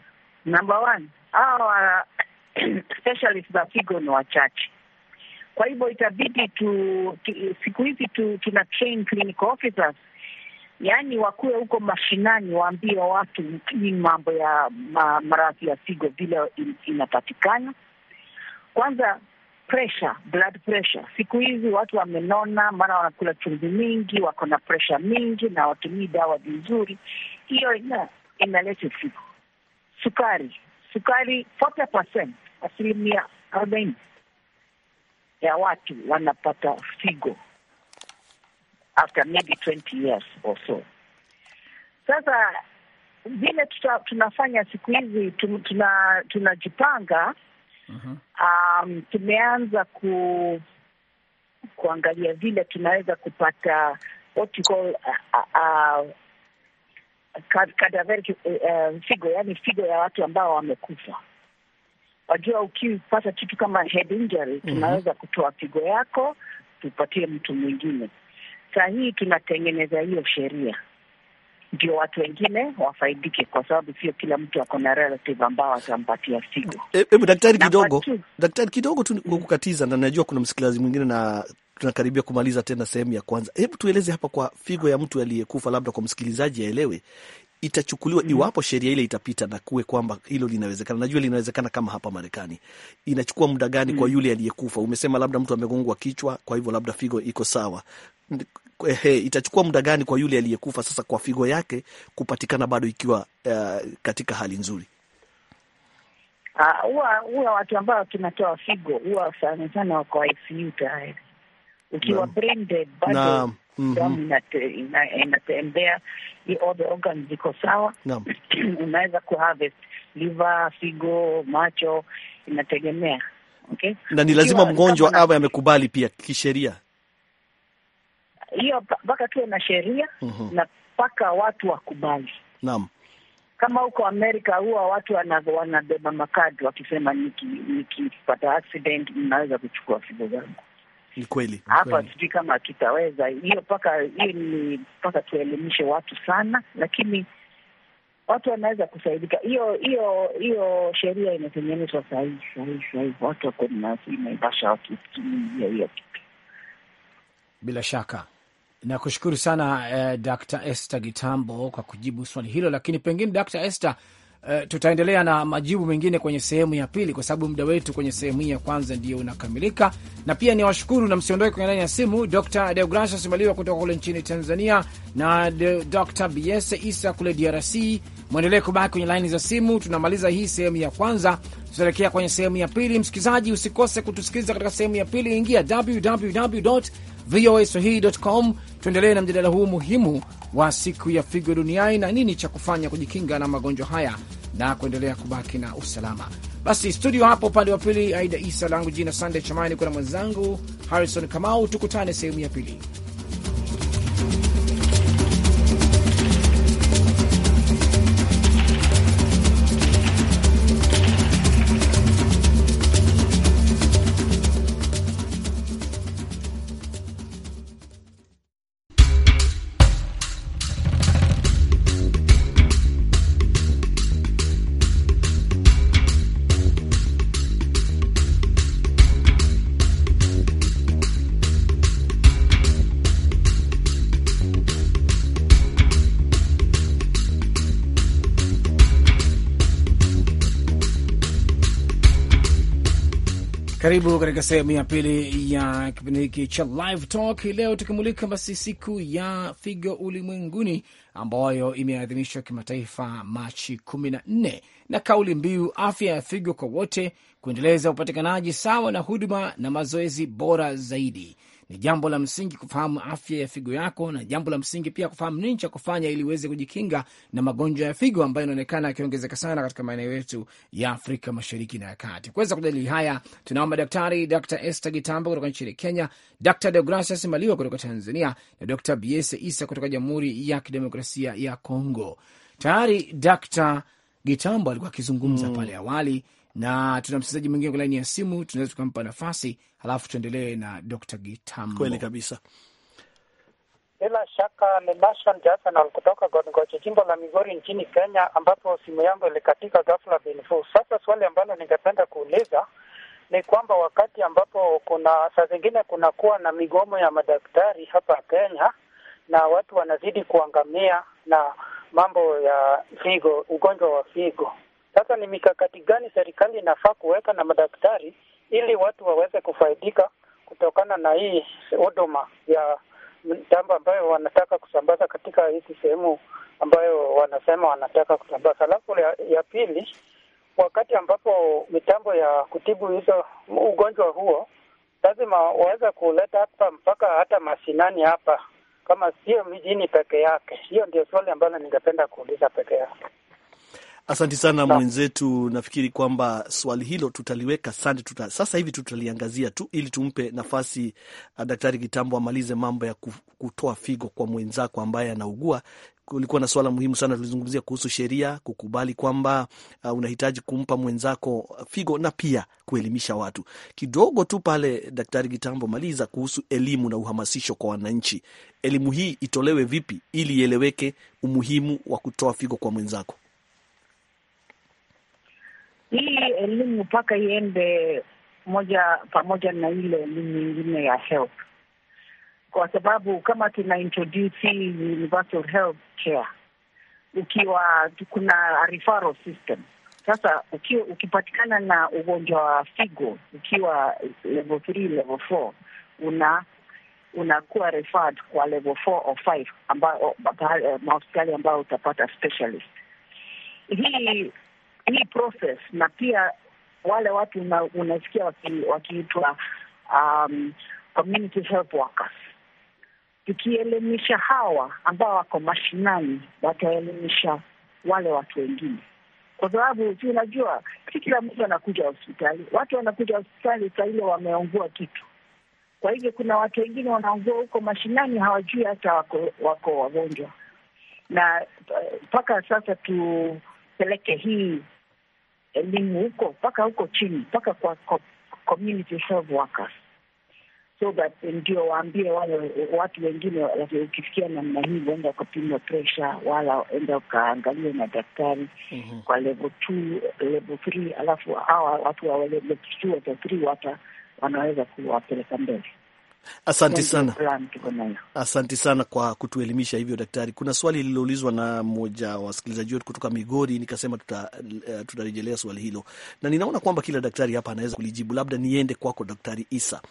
Number one, hawa <clears throat> specialist za figo ni wachache, kwa hivyo itabidi tu siku hizi tu, tuna train clinical officers yaani wakuwe huko mashinani, waambie watu ni mambo ya ma, maradhi ya figo vile in, inapatikana. Kwanza pressure, blood pressure. Siku hizi watu wamenona, maana wanakula chumvi mingi, wako na pressure mingi na watumii dawa vizuri, hiyo inaleta ina figo sukari, sukari 40%, asilimia arobaini ya watu wanapata figo after maybe 20 years or so. Sasa vile tuta, tunafanya siku hizi tuna, tunajipanga mm Um, tumeanza ku kuangalia vile tunaweza kupata what you call a, a, a cadaveric uh, eh, eh, figo, yani figo ya watu ambao wamekufa. Wajua, ukipata kitu kama head injury, mhm. tunaweza kutoa figo yako tupatie mtu mwingine. Saa hii tunatengeneza hiyo sheria ndio watu wengine wafaidike, kwa sababu sio kila mtu ako na relative ambao atampatia figo. Eh, hebu daktari kidogo, daktari kidogo tu kukatiza, na najua kuna msikilizaji mwingine na tunakaribia kumaliza tena sehemu ya kwanza. Hebu tueleze hapa, kwa figo ya mtu aliyekufa, labda kwa msikilizaji aelewe itachukuliwa mm Iwapo sheria ile itapita na kuwe kwamba hilo linawezekana, najua linawezekana kama hapa Marekani, inachukua muda gani mm kwa mhm. yule aliyekufa? Umesema labda mtu amegongwa kichwa, kwa hivyo labda figo iko sawa. He, itachukua muda gani kwa yule aliyekufa sasa kwa figo yake kupatikana bado ikiwa uh, katika hali nzuri? Ah, huwa uh, watu ambao tunatoa figo huwa sana sana wako ICU tayari ukiwa branded bado mhm. damu inatembea, all the organs ziko sawa. <clears throat> Unaweza kuharvest liver, figo, macho, inategemea okay. Na ni lazima mgonjwa awe amekubali pia kisheria hiyo, mpaka tuwe na sheria mhm. na mpaka watu wakubali. Naam. Kama huko Amerika huwa watu wanabeba makadi wakisema, nikipata niki accident, mnaweza kuchukua figo zangu ni kweli hapa, sijui kama tutaweza hiyo paka hiyo ni mpaka tuelimishe watu sana, lakini watu wanaweza kusaidika. Hiyo hiyo hiyo sheria inatengenezwa sahihi sahihi sahihi, watu wako Naivasha wakitumia hiyo kitu bila shaka. Nakushukuru sana eh, Dr. Esther Gitambo kwa kujibu swali hilo, lakini pengine Dr. Esther Eh, tutaendelea na majibu mengine kwenye sehemu ya pili, kwa sababu muda wetu kwenye sehemu hii ya kwanza ndio unakamilika. Na pia ni washukuru na msiondoke kwenye laini ya simu, Dr. Deogratias Maliwa kutoka kule nchini Tanzania na Dr. Bs Isa kule DRC. Mwendelee kubaki kwenye laini za simu. Tunamaliza hii sehemu ya kwanza, tutaelekea kwenye sehemu ya pili. Msikilizaji, usikose kutusikiliza katika sehemu ya pili, ingia www VOA Swahili.com. Tuendelee na mjadala huu muhimu wa siku ya figo duniani na nini cha kufanya kujikinga na magonjwa haya na kuendelea kubaki na usalama. Basi studio hapo, upande wa pili, Aida Isa langu jina Sandey Chamani, kuna mwenzangu Harrison Kamau. Tukutane sehemu ya pili. Karibu katika sehemu ya pili ya kipindi hiki cha Live Talk hii leo, tukimulika basi siku ya figo ulimwenguni ambayo imeadhimishwa kimataifa Machi kumi na nne na kauli mbiu afya ya figo kwa wote, kuendeleza upatikanaji sawa na huduma na mazoezi bora zaidi ni jambo la msingi kufahamu afya ya figo yako, na jambo la msingi pia kufahamu nini cha kufanya ili uweze kujikinga na magonjwa ya figo ambayo inaonekana yakiongezeka sana katika maeneo yetu ya Afrika Mashariki na ya Kati. Kuweza kujadili haya tunao madaktari Dr Esther Gitambo kutoka nchini Kenya, Dr Deogracias Maliwa kutoka Tanzania na Dr Biese Isa kutoka Jamhuri ya Kidemokrasia ya Kongo. Tayari Dr Gitambo alikuwa akizungumza mm. pale awali na tuna msikilizaji mwingine kwa laini ya simu, tunaweza tukampa nafasi halafu tuendelee na Dr. Gitambo. Kweli kabisa, bila shaka ni Lashan Jasenal kutoka Gongoji, jimbo la Migori nchini Kenya, ambapo simu yangu ilikatika ghafla binfu. Sasa swali ambalo ningependa kuuliza ni kwamba wakati ambapo kuna saa zingine kunakuwa na migomo ya madaktari hapa Kenya na watu wanazidi kuangamia na mambo ya figo, ugonjwa wa figo sasa ni mikakati gani serikali inafaa kuweka na madaktari ili watu waweze kufaidika kutokana na hii huduma ya mtambo ambayo wanataka kusambaza katika hizi sehemu ambayo wanasema wanataka kusambaza. Alafu ya, ya pili, wakati ambapo mitambo ya kutibu hizo ugonjwa huo lazima waweze kuleta hapa mpaka hata mashinani hapa, kama sio mijini peke yake. Hiyo ndio swali ambalo ningependa kuuliza peke yake asanti sana mwenzetu, nafikiri kwamba swali hilo tutaliweka sande, tuta, sasa hivi tutaliangazia tu ili tumpe nafasi uh, Daktari Kitambo amalize mambo ya kutoa figo kwa mwenzako ambaye anaugua. Kulikuwa na swala muhimu sana tulizungumzia kuhusu sheria, kukubali kwamba uh, unahitaji kumpa mwenzako uh, figo na pia kuelimisha watu kidogo tu pale. Daktari Kitambo, maliza kuhusu elimu na uhamasisho kwa wananchi. Elimu hii itolewe vipi ili ieleweke umuhimu wa kutoa figo kwa mwenzako? hii elimu mpaka iende moja pamoja na ile elimu nyingine ya health, kwa sababu kama tuna introduce universal health care, ukiwa kuna referral system sasa ukiwa, ukipatikana na ugonjwa wa figo ukiwa level 3 level 4 una unakuwa referred kwa level 4 or 5 ambayo mahospitali ambayo utapata specialist. Hii hii process na pia wale watu una, unasikia wakiitwa um, community health workers. Tukielimisha hawa ambao wako mashinani, wataelimisha wale watu wengine, kwa sababu si unajua, si kila mtu anakuja hospitali. Watu wanakuja hospitali saa ile wameungua kitu, kwa hivyo kuna watu wengine wanaungua huko mashinani, hawajui hata wako wako wagonjwa, na eh, mpaka sasa tupeleke hii elimu huko mpaka huko chini mpaka kwa community health workers, so that eh, ndio waambie wale watu wengine, ukifikia namna hii uenda ukapimwa presha, wala enda ukaangaliwe na daktari mm -hmm. kwa level two, level three, alafu hawa watu wa level two, level three wata wanaweza kuwapeleka mbele. Asante sana, asante sana kwa kutuelimisha hivyo daktari. Kuna swali lililoulizwa na mmoja wa wasikilizaji wetu kutoka Migori, nikasema eh, tutarejelea tuta swali hilo, na ninaona kwamba kila daktari hapa anaweza kulijibu. Labda niende kwako Daktari Isa.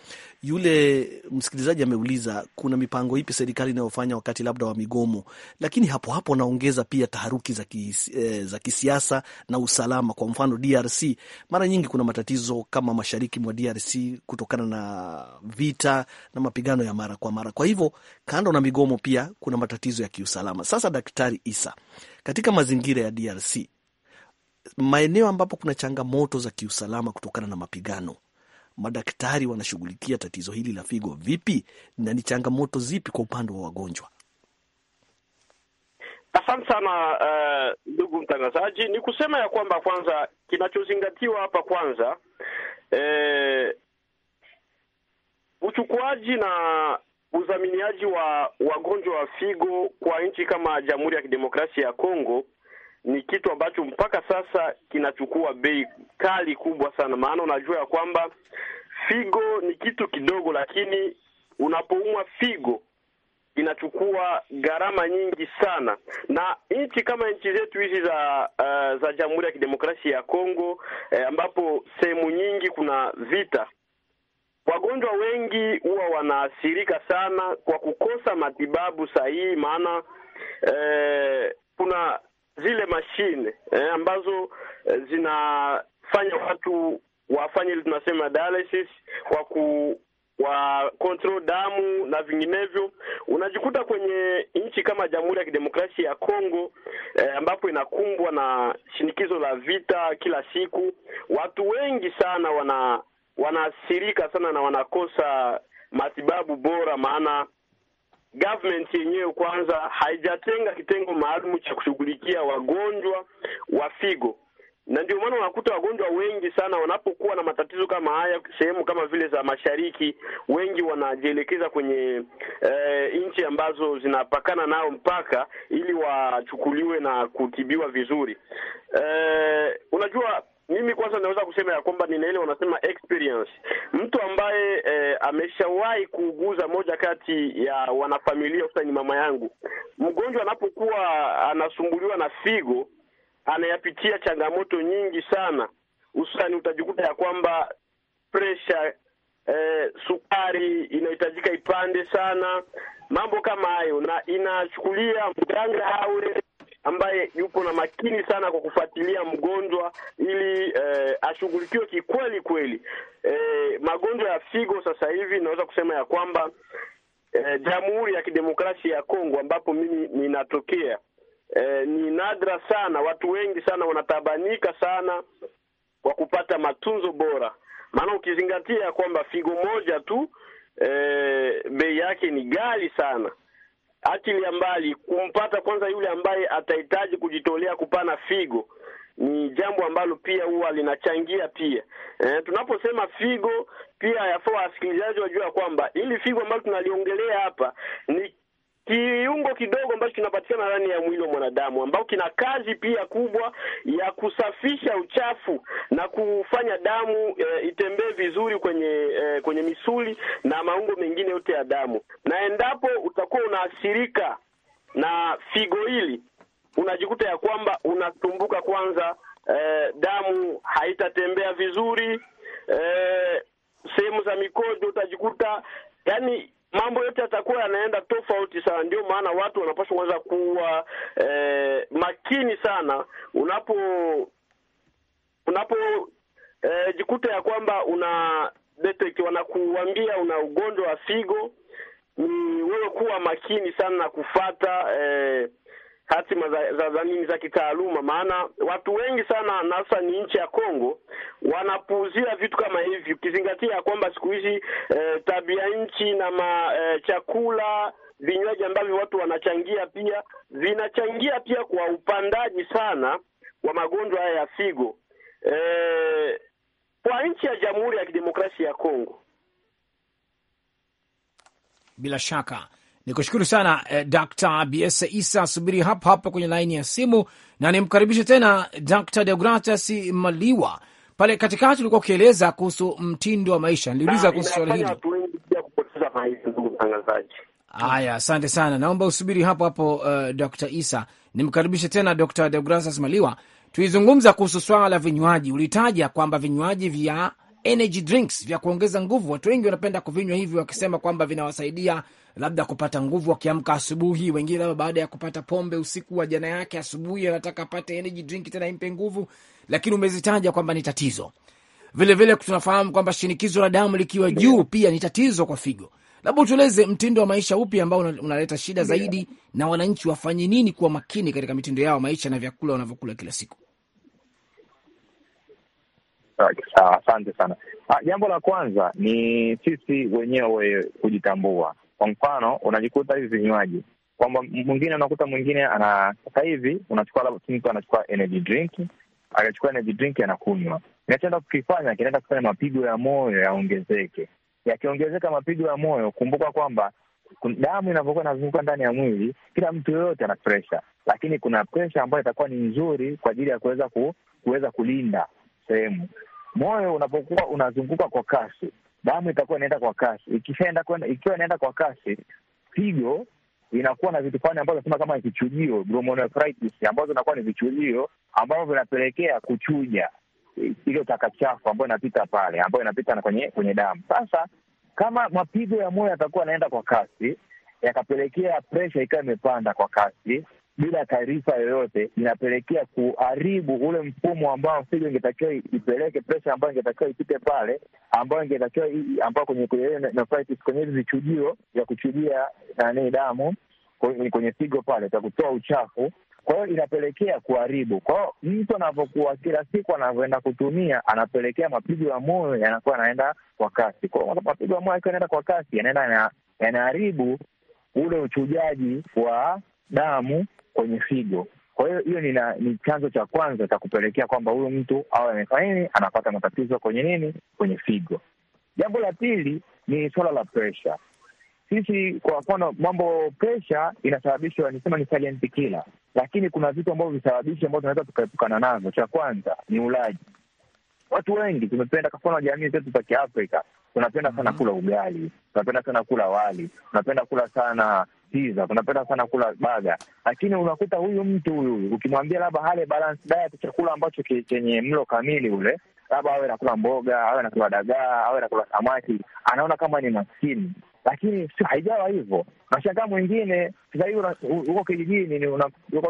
Yule msikilizaji ameuliza kuna mipango ipi serikali inayofanya wakati labda wa migomo, lakini hapo hapo naongeza pia taharuki za, kis, eh, za kisiasa na usalama. Kwa mfano DRC, mara nyingi kuna matatizo kama mashariki mwa DRC kutokana na vita na mapigano ya mara kwa mara. Kwa hivyo kando na migomo, pia kuna matatizo ya kiusalama. Sasa Daktari Isa, katika mazingira ya DRC, maeneo ambapo kuna changamoto za kiusalama kutokana na mapigano, madaktari wanashughulikia tatizo hili la figo vipi, na ni changamoto zipi kwa upande wa wagonjwa? Asante sana eh, ndugu uh, mtangazaji. Ni kusema ya kwamba kwanza kinachozingatiwa hapa kwanza eh, uchukuaji na udhaminiaji wa wagonjwa wa figo kwa nchi kama Jamhuri ya Kidemokrasia ya Kongo ni kitu ambacho mpaka sasa kinachukua bei kali kubwa sana, maana unajua ya kwamba figo ni kitu kidogo, lakini unapoumwa figo inachukua gharama nyingi sana, na nchi kama nchi zetu hizi za uh, za Jamhuri ya Kidemokrasia ya Kongo eh, ambapo sehemu nyingi kuna vita Wagonjwa wengi huwa wanaathirika sana kwa kukosa matibabu sahihi, maana eh, kuna zile mashine eh, ambazo eh, zinafanya watu wafanye tunasema dialysis kwa ku wa control damu na vinginevyo. Unajikuta kwenye nchi kama Jamhuri ya Kidemokrasia ya Kongo eh, ambapo inakumbwa na shinikizo la vita kila siku, watu wengi sana wana wanaathirika sana na wanakosa matibabu bora, maana government yenyewe kwanza haijatenga kitengo maalum cha kushughulikia wagonjwa wa figo, na ndio maana unakuta wagonjwa wengi sana wanapokuwa na matatizo kama haya sehemu kama vile za mashariki, wengi wanajielekeza kwenye eh, nchi ambazo zinapakana nao mpaka, ili wachukuliwe na kutibiwa vizuri. Eh, unajua mimi kwanza naweza kusema ya kwamba nina ile wanasema experience, mtu ambaye eh, ameshawahi kuuguza moja kati ya wanafamilia, hususani mama yangu. Mgonjwa anapokuwa anasumbuliwa na figo, anayapitia changamoto nyingi sana, hususani utajikuta ya kwamba pressure Eh, sukari inahitajika ipande sana, mambo kama hayo, na inachukulia mganga awe ambaye yuko na makini sana kwa kufuatilia mgonjwa ili eh, ashughulikiwe kikweli kweli. Eh, magonjwa ya figo sasa hivi naweza kusema ya kwamba eh, Jamhuri ya Kidemokrasia ya Kongo ambapo mimi ninatokea eh, ni nadra sana, watu wengi sana wanatabanika sana kwa kupata matunzo bora, maana ukizingatia kwamba figo moja tu eh, bei yake ni ghali sana achilia mbali kumpata kwanza yule ambaye atahitaji kujitolea kupana figo ni jambo ambalo pia huwa linachangia pia. E, tunaposema figo pia yafaa wasikilizaji wajua kwamba ili figo ambalo tunaliongelea hapa ni kiungo kidogo ambacho kinapatikana ndani ya mwili wa mwanadamu ambao kina kazi pia kubwa ya kusafisha uchafu na kufanya damu e, itembee vizuri kwenye e, kwenye misuli na maungo mengine yote ya damu, na endapo utakuwa unaathirika na figo hili, unajikuta ya kwamba unasumbuka kwanza. E, damu haitatembea vizuri e, sehemu za mikojo utajikuta yani mambo yote yatakuwa yanaenda tofauti sana. Ndio maana watu wanapaswa kuanza kuwa eh, makini sana unapo unapojikuta eh, jikuta ya kwamba una detect wanakuambia una ugonjwa wa figo, ni wewe kuwa makini sana na kufata eh, hatima za za, za, za kitaaluma. Maana watu wengi sana na hasa ni nchi ya Kongo wanapuuzia vitu kama hivi, ukizingatia ya kwamba siku hizi eh, tabia nchi na ma, eh, chakula vinywaji ambavyo watu wanachangia pia vinachangia pia kwa upandaji sana wa magonjwa haya ya figo eh, kwa nchi ya Jamhuri ya Kidemokrasia ya Kongo bila shaka ni kushukuru sana eh, Dr. Bs Isa, subiri hapo hapo kwenye laini ya simu, na nimkaribishe tena Dr. Deogratas Maliwa pale katikati. Ulikuwa ukieleza kuhusu mtindo wa maisha, niliuliza kuhusu swali hili. Haya, asante sana, naomba usubiri hapo hapo uh, Dr. Isa, nimkaribishe tena Dr. Deogratas Maliwa. Tuizungumza kuhusu swala la vinywaji, ulitaja kwamba vinywaji vya energy drinks vya kuongeza nguvu. Watu wengi wanapenda kuvinywa hivi, wakisema kwamba vinawasaidia labda kupata nguvu wakiamka asubuhi. Wengine labda baada ya kupata pombe usiku wa jana yake, asubuhi anataka apate energy drink tena impe nguvu, lakini umezitaja kwamba ni tatizo. Vilevile tunafahamu kwamba shinikizo la damu likiwa juu pia ni tatizo kwa figo. Labda utueleze mtindo wa maisha upi ambao unaleta shida zaidi, na wananchi wafanye nini kuwa makini katika mitindo yao maisha na vyakula wanavyokula kila siku? Ah, asante sana. Uh, jambo la kwanza ni sisi wenyewe kujitambua. Kwa mfano, unajikuta hivi vinywaji kwamba mwingine unakuta mwingine ana sasa hivi unachukua labda mtu anachukua energy drink, akachukua energy drink anakunywa, inachoenda kukifanya kinaenda kufanya mapigo ya moyo yaongezeke. Yakiongezeka mapigo ya moyo, kumbuka kwamba damu inavyokuwa inazunguka ndani ya mwili, kila mtu yoyote ana presha, lakini kuna presha ambayo itakuwa ni nzuri kwa ajili ya kuweza ku, kuweza kulinda sehemu. Moyo unapokuwa unazunguka kwa kasi, damu itakuwa inaenda kwa kasi. Ikishaenda kwenda, ikiwa inaenda kwa kasi, pigo inakuwa na vitu fulani ambavyo nasema kama vichujio, glomerulonephritis, ambazo inakuwa ni vichujio ambavyo vinapelekea kuchuja ile chafu ambayo inapita pale, ambayo inapita kwenye kwenye damu. Sasa kama mapigo ya moyo yatakuwa yanaenda kwa kasi, yakapelekea presha ikawa imepanda kwa kasi, bila taarifa yoyote inapelekea kuharibu ule mfumo ambao figo ingetakiwa ipeleke presha ambayo ingetakiwa ipite pale, ambayo ingetakiwa ambao kwenye kwenye hizi vichujio vya kuchujia nani damu kwenye figo pale za kutoa uchafu kwa hiyo inapelekea kuharibu. Kwa hiyo mtu anavyokuwa kila siku anavyoenda kutumia, anapelekea mapigo ya moyo yanakuwa yanaenda kwa kasi. Kwa hiyo mapigo ya moyo yakiwa yanaenda kwa kasi, yanaenda yanaharibu ule uchujaji wa damu kwenye figo. Kwa hiyo hiyo ni chanzo cha kwanza cha kupelekea kwamba huyu mtu awe amefanya nini, anapata matatizo kwenye nini, kwenye figo. Jambo la pili ni suala la presha. Sisi kwa mfano, mambo presha inasababishwa nisema ni silent killer, lakini kuna vitu ambavyo visababishi ambavyo tunaweza tukaepukana nazo. Cha kwanza ni ulaji. Watu wengi tumependa, kwa mfano jamii zetu za Kiafrika tunapenda sana mhm. kula ugali, tunapenda sana kula wali, tunapenda kula sana pizza, tunapenda sana kula baga, lakini unakuta huyu mtu huyu ukimwambia labda hale balance diet, chakula ambacho chenye mlo kamili ule, labda awe nakula mboga, awe nakula dagaa, awe nakula samaki, anaona kama ni maskini lakini si haijawa hivyo. nashanga mwingine sasa hivi huko kijijini,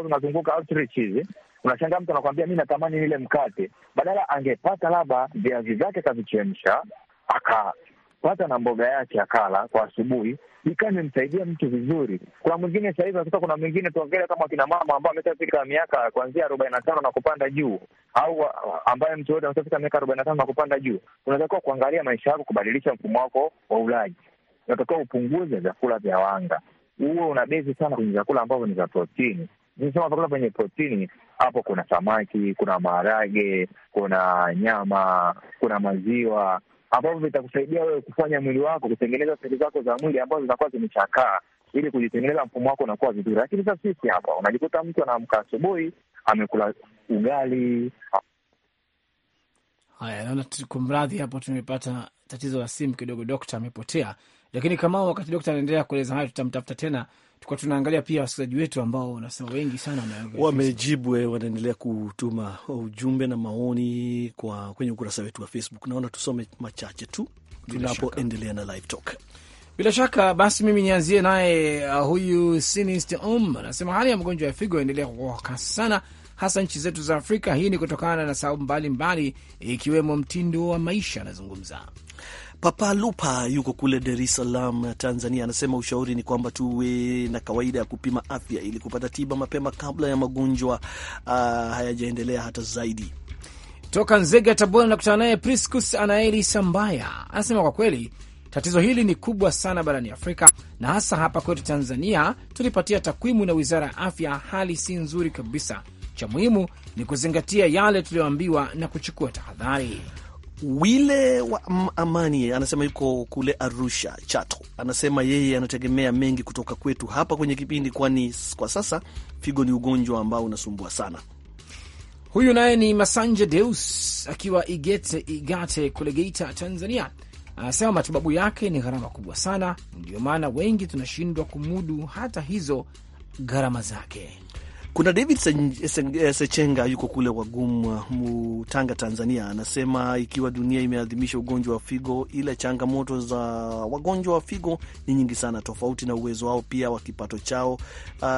unazunguka outreach hizi, unashangaa mtu anakuambia mi natamani nile mkate, badala angepata labda viazi vyake akavichemsha pata na mboga yake akala kwa asubuhi, ikawa imemsaidia mtu vizuri. Kuna mwingine sasa hivi sasa, kuna mwingine tuongele kama wakina mama ambao ameshafika miaka kuanzia arobaini na tano na kupanda juu, au ambaye mtu yote ameshafika miaka arobaini na tano na kupanda juu, unatakiwa kuangalia maisha yako, kubadilisha mfumo wako wa ulaji. Unatakiwa upunguze vyakula vya wanga, huwe una bezi sana kwenye vyakula ambavyo ni vya protini. Nisema vyakula vyenye protini, hapo kuna samaki, kuna maharage, kuna nyama, kuna maziwa ambavyo vitakusaidia wewe kufanya mwili wako kutengeneza seli zako za mwili ambazo zinakuwa zimechakaa ili kujitengeneza mfumo wako unakuwa vizuri. Lakini sasa sisi hapa unajikuta mtu anaamka asubuhi amekula ugali. Haya, naona kumradhi, hapo tumepata tatizo la simu kidogo, dokta amepotea. Lakini kama wakati dokta anaendelea kueleza hayo, tutamtafuta tena Tulikuwa tunaangalia pia wasikilizaji wetu ambao wanasema wengi sana wamejibu, eh, wanaendelea kutuma oh, ujumbe na maoni kwa kwenye ukurasa wetu wa Facebook. Naona tusome machache tu tunapoendelea na live talk. Bila shaka basi, mimi nianzie naye uh, huyu Um anasema hali ya mgonjwa ya figo aendelea kuoka sana, hasa nchi zetu za Afrika. Hii ni kutokana na sababu mbalimbali, ikiwemo mtindo wa maisha. Anazungumza Papa Lupa yuko kule Dar es Salaam, Tanzania, anasema ushauri ni kwamba tuwe na kawaida ya kupima afya ili kupata tiba mapema kabla ya magonjwa uh, hayajaendelea hata zaidi. Toka Nzega, Tabora, nakutana naye Priscus Anaeli Sambaya, anasema kwa kweli tatizo hili ni kubwa sana barani Afrika na hasa hapa kwetu Tanzania. Tulipatia takwimu na wizara ya afya, hali si nzuri kabisa. Cha muhimu ni kuzingatia yale tuliyoambiwa na kuchukua tahadhari. Wile wa Amani anasema yuko kule Arusha Chato, anasema yeye anategemea mengi kutoka kwetu hapa kwenye kipindi, kwani kwa sasa figo ni ugonjwa ambao unasumbua sana. Huyu naye ni Masanja Deus akiwa Igete Igate kule Geita, Tanzania, anasema matibabu yake ni gharama kubwa sana, ndio maana wengi tunashindwa kumudu hata hizo gharama zake. Kuna David eh, Sechenga yuko kule Wagum, Mutanga, Tanzania, anasema ikiwa dunia imeadhimisha ugonjwa wa figo, ila changamoto za wagonjwa wa figo ni nyingi sana, tofauti na uwezo wao pia wa kipato chao uh,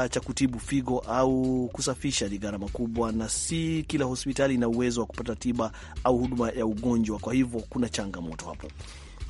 cha kutibu figo au kusafisha. Ni gharama kubwa, na si kila hospitali ina uwezo wa kupata tiba au huduma ya ugonjwa, kwa hivyo kuna changamoto hapo.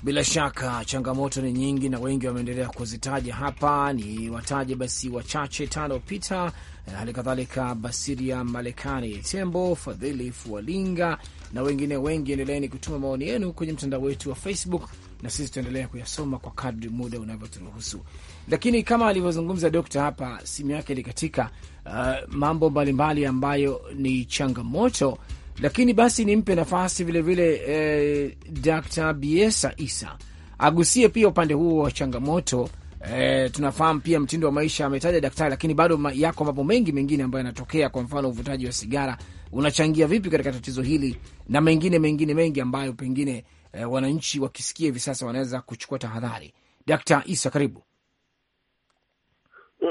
Bila shaka changamoto ni nyingi na wengi wameendelea kuzitaja hapa. Ni wataje basi wachache, Tano pita eh, hali kadhalika Basiria Malekani Tembo, Fadhili Fualinga na wengine wengi. Endeleeni kutuma maoni yenu kwenye mtandao wetu wa Facebook na sisi tutaendelea kuyasoma kwa kadri muda unavyoturuhusu. Lakini kama alivyozungumza dokta hapa, simu yake ilikatika. Uh, mambo mbalimbali ambayo ni changamoto lakini basi nimpe nafasi vilevile eh, Dr. Biesa Isa agusie pia upande huo wa changamoto eh, tunafahamu pia mtindo wa maisha ametaja daktari, lakini bado yako mambo mengi mengine ambayo yanatokea, kwa mfano uvutaji wa sigara unachangia vipi katika tatizo hili na mengine mengine mengi ambayo pengine eh, wananchi wakisikia hivi sasa wanaweza kuchukua tahadhari. Dkt. Isa, karibu.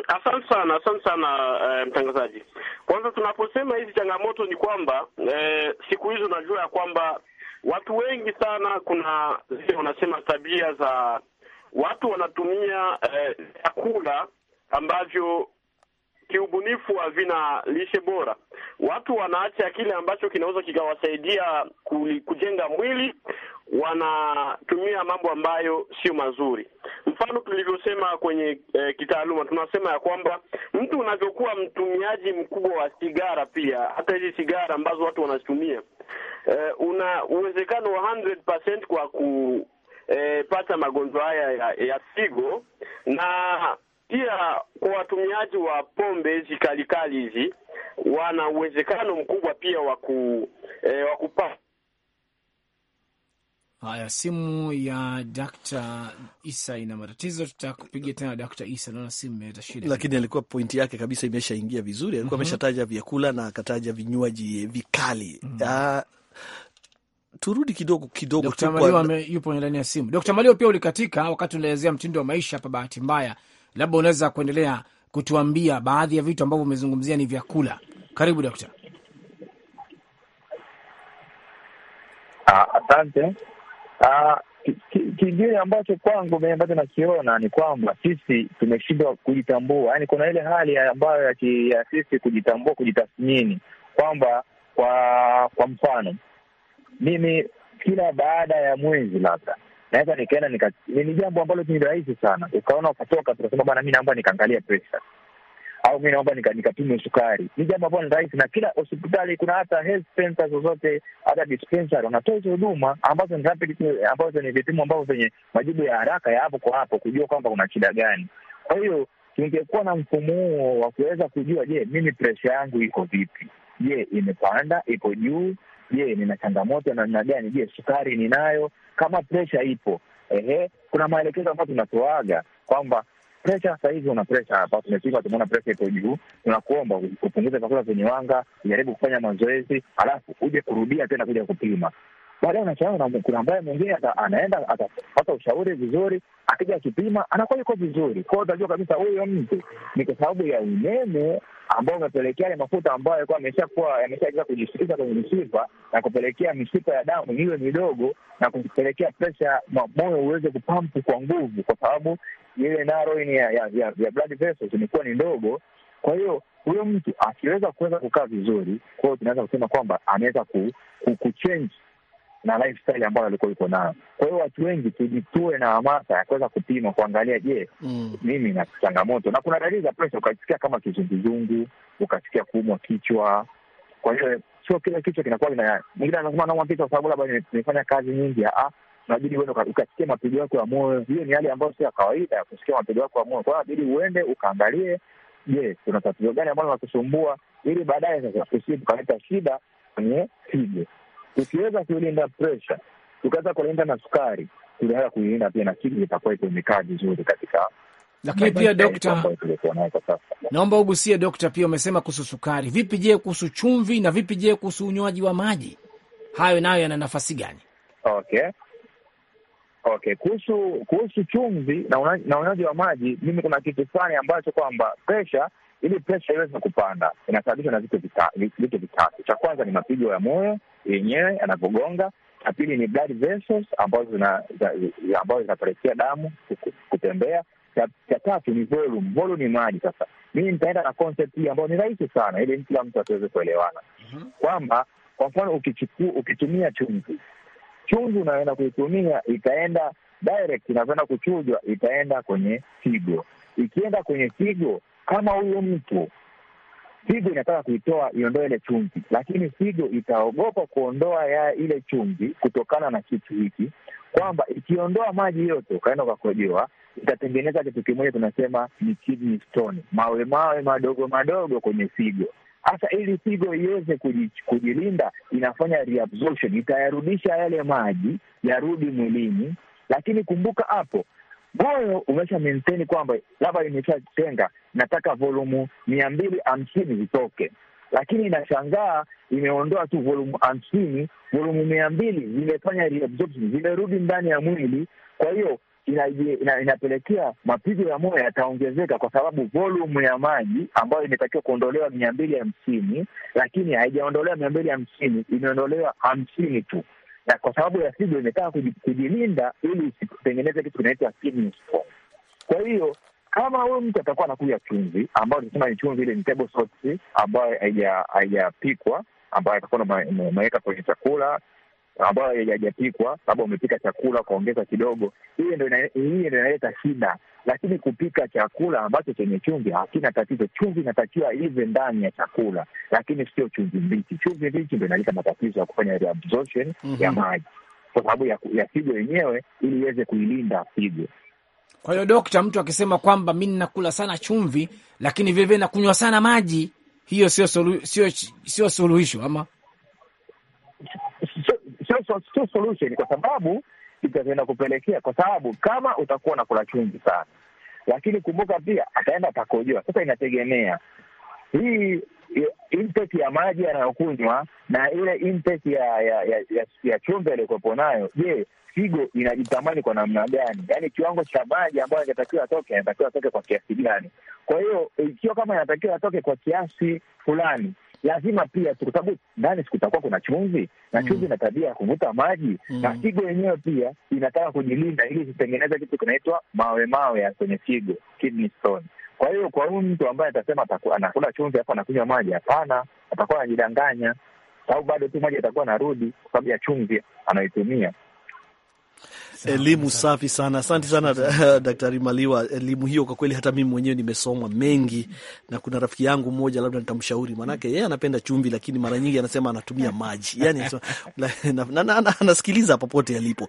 Asante sana, asante sana eh, mtangazaji. Kwanza tunaposema hizi changamoto ni kwamba eh, siku hizi unajua ya kwamba watu wengi sana, kuna zile wanasema tabia za watu wanatumia eh, vyakula eh, ambavyo kiubunifu havina lishe bora. Watu wanaacha kile ambacho kinaweza kikawasaidia kujenga mwili, wanatumia mambo ambayo sio mazuri. Mfano tulivyosema kwenye e, kitaaluma tunasema ya kwamba mtu unavyokuwa mtumiaji mkubwa wa sigara, pia hata hizi sigara ambazo watu wanazitumia e, una uwezekano wa 100% kwa kupata eh, e, magonjwa haya ya, ya figo na pia kwa watumiaji wa pombe hizi kalikali hizi wana uwezekano mkubwa pia wa ku, e, wa kupata Haya, ah, simu ya Dakta Isa ina matatizo, tutakupigia tena Dakta Isa. Naona simu imeleta shida, lakini alikuwa pointi yake kabisa imeshaingia vizuri. Alikuwa mhm. ameshataja mm -hmm. vyakula na akataja vinywaji vikali mm -hmm. Turudi kidogo kidogo, yupo ndani ya simu. Dokta Malio, pia ulikatika wakati unaelezea mtindo wa maisha hapa, bahati mbaya, labda unaweza kuendelea kutuambia baadhi ya vitu ambavyo umezungumzia ni vyakula. Karibu dokta. Ah, asante. Ah, Kingine ambacho kwangu mimi ambacho nakiona ni kwamba sisi tumeshindwa kujitambua, yaani kuna ile hali ambayo ya, ya sisi kujitambua, kujitathmini kwamba kwa kwa mfano mimi kila baada ya mwezi labda naweza nikaenda nika, ni jambo ambalo ni rahisi sana, ukaona ukatoka tukasema bana, mi naomba nikaangalia pesa au mi naomba nikapime sukari. Ni jambo ambalo ni rahisi, na kila hospitali kuna hata health centers zozote, hata dispensary wanatoa hizo huduma ambazo ni rapid, ambazo ni vipimo ambavyo vyenye majibu ya haraka ya hapo kwa hapo, kujua kwamba kuna shida gani. Kwa hiyo tungekuwa na mfumo huo wa kuweza kujua, je, mimi presha yangu iko vipi? Je, imepanda ipo juu? Je, nina changamoto na namna gani? Je, sukari ninayo? Kama presha ipo, ehe, kuna maelekezo ambayo tunatoaga kwamba presha sasa hivi una presha hapa, tumepigwa, tumeona presha iko juu, tunakuomba upunguze vyakula vyenye wanga, ujaribu kufanya mazoezi, alafu uje kurudia tena kuja kupima baadaye unachanga na kuna ambaye mwingine anaenda atapata ushauri vizuri, akija akipima anakuwa yuko vizuri kwao. Utajua kabisa huyo mtu ni kwa sababu ya umeme ambao umepelekea yale mafuta ambayo yalikuwa yameshakuwa yameshaanza kujishirikiza kwenye mishipa na kupelekea mishipa ya damu iwe midogo na kupelekea presha moyo uweze kupampu kwa nguvu, kwa sababu ile narrowing ya, ya, ya, ya blood vessels imekuwa ni ndogo. Kwa hiyo huyo mtu akiweza kuweza kukaa vizuri, kwa hiyo tunaweza kusema kwamba ameweza kuchange na lifestyle ambayo alikuwa yuko nayo. Kwa hiyo watu wengi tujitue na hamasa ya kuweza kupima, kuangalia, je, mm. mimi na changamoto na kuna dalili za presha, ukasikia kama kizunguzungu, ukasikia kuumwa kichwa. Kwa hiyo sio kila kichwa kinakuwa kina, mwingine anasema naumwa kichwa kwa sababu labda nimefanya kazi nyingi. Ah, inabidi ah, uende ukasikia mapigo yako ya moyo. Hiyo ni hali ambayo sio ya kawaida ya kusikia mapigo yako ya moyo. Kwa hiyo inabidi uende ukaangalie, je, kuna tatizo gani ambalo nakusumbua, ili baadaye sasa tusije tukaleta shida kwenye figo. Tukiweza kuilinda presha, tukaweza kulinda na sukari, tunaweza kuilinda pia na kili itakuwepo imekaa vizuri katika lakini pia dokta, naomba ugusie dokta, pia umesema kuhusu sukari. Vipi je kuhusu chumvi na vipi je kuhusu unywaji wa maji? Hayo nayo yana nafasi gani? Okay, okay. Kuhusu kuhusu chumvi na unywaji wa maji, mimi kuna kitu fulani ambacho kwamba presha, ili presha iweze kupanda inasababishwa na vitu vitatu. Cha kwanza ni mapigo ya moyo yenyewe anavyogonga na pili ni blood vessels ambazo zinapelekea damu kutembea cha tatu ni volume. Volume ni maji. Sasa mimi nitaenda na concept hii ambayo ni rahisi sana, ili kila mtu asiweze kuelewana mhm. kwamba, kwa mfano, ukitumia chumvi, chumvi unaenda kuitumia itaenda direct, inavyoenda kuchujwa itaenda kwenye figo. Ikienda kwenye figo, kama huyu mtu Figo inataka kuitoa iondoe ile chumvi, lakini figo itaogopa kuondoa ya ile chumvi kutokana na kitu hiki kwamba ikiondoa maji yote ukaenda ukakojoa itatengeneza kitu kimoja tunasema ni kidney stone, mawe mawe madogo madogo kwenye figo. Hasa ili figo iweze kujilinda, inafanya reabsorption, itayarudisha yale maji yarudi mwilini. Lakini kumbuka hapo moyo umesha maintain kwamba labda imeshatenga nataka volumu mia mbili hamsini zitoke, lakini inashangaa imeondoa tu volumu hamsini, volumu mia mbili zimefanya reabsorption, zimerudi ndani ya mwili. Kwa hiyo ina, ina, inapelekea mapigo ya moyo yataongezeka kwa sababu volumu ya maji ambayo imetakiwa kuondolewa mia mbili hamsini, lakini haijaondolewa mia mbili hamsini, imeondolewa hamsini tu na kwa sababu ya figo imetaka kujilinda ili isitengeneze kitu kinaitwa kidney stone. Kwa hiyo kama huyu mtu atakuwa anakuja chumvi ambayo tunasema ni chumvi ile ni table salt ambayo haijapikwa, ambayo atakuwa umeweka kwenye chakula ambayo haijapikwa, labda umepika chakula ukaongeza kidogo, hiyo ndo inaleta shida. Lakini kupika chakula ambacho chenye chumvi hakina tatizo. Chumvi inatakiwa ive ndani ya chakula, lakini sio chumvi mbichi. Chumvi mbichi ndo inaleta matatizo ya kufanya absorption mm -hmm. ya mhm. maji kwa sababu ya, ya figo yenyewe, ili iweze kuilinda figo kwa hiyo dokta, mtu akisema kwamba mi nakula sana chumvi lakini vilevile nakunywa sana maji, hiyo sio solu, sio, sio suluhisho ama sio solution, kwa sababu itaenda kupelekea, kwa sababu kama utakuwa unakula chumvi sana, lakini kumbuka pia ataenda atakojoa. Sasa inategemea hii intake ya maji yanayokunywa na ile intake ya ya, ya, ya, ya chumvi aliyokuwepo nayo. Je, figo inajitamani kwa namna gani? Yaani kiwango cha maji ambayo inatakiwa atoke, anatakiwa atoke kwa kiasi gani? Kwa hiyo e, ikiwa kama inatakiwa atoke kwa kiasi fulani lazima pia kwa sababu ndani sikutakuwa kuna chumvi na chumvi mm. ina tabia ya kuvuta maji mm. na figo yenyewe pia inataka kujilinda ili isitengeneze kitu kinaitwa mawe mawe ya kwenye figo, kidney stone. Kwa hiyo kwa huyu mtu ambaye atasema anakula chumvi hapo anakunywa maji, hapana, atakuwa anajidanganya, sababu bado tu maji atakuwa anarudi kwa sababu ya chumvi anayoitumia. Elimu safi sana, asante sana <laughs> Daktari Maliwa. Elimu hiyo kwa kweli hata mimi mwenyewe nimesoma mengi, na kuna rafiki yangu mmoja, labda nitamshauri, maanake yeye anapenda chumvi, lakini mara nyingi anasema anatumia maji, yani <laughs> anasikiliza popote alipo.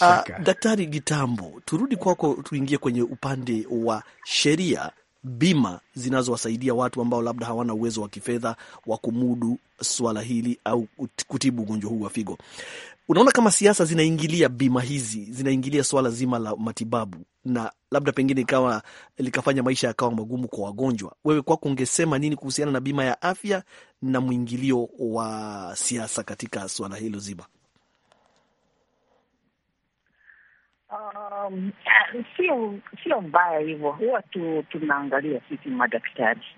Ah, Daktari Gitambo, turudi kwako, tuingie kwenye upande wa sheria bima zinazowasaidia watu ambao labda hawana uwezo wa kifedha wa kumudu swala hili au kutibu ugonjwa huu wa figo. Unaona kama siasa zinaingilia bima hizi, zinaingilia swala zima la matibabu, na labda pengine ikawa likafanya maisha yakawa magumu kwa wagonjwa. Wewe kwako ungesema nini kuhusiana na bima ya afya na mwingilio wa siasa katika swala hilo zima? Uh, Um, ah, sio sio mbaya hivyo, huwa tu tunaangalia sisi madaktari,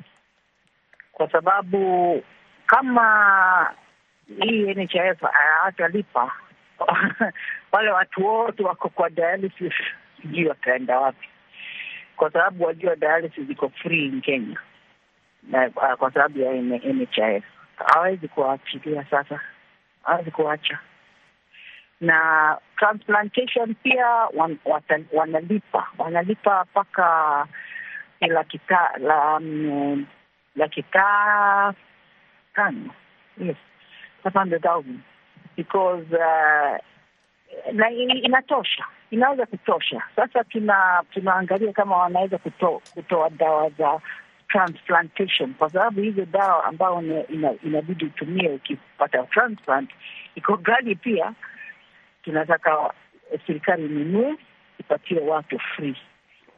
kwa sababu kama hii NHIF <laughs> wale watu wote wako kwa dialysis, sijui wataenda wapi, kwa sababu wajua dialysis iko free in Kenya na ah, kwa sababu ya NHIF hawawezi kuwaachilia sasa, hawezi kuacha na transplantation pia wan, watan, wanalipa wanalipa mpaka laki um, tano yes, because uh, inatosha inaweza kutosha. Sasa tuna tunaangalia kama wanaweza kuto, kutoa dawa za transplantation kwa sababu hizo dawa ambayo inabidi ina utumie ukipata transplant iko gali pia tunataka eh, serikali inunue ipatie watu free.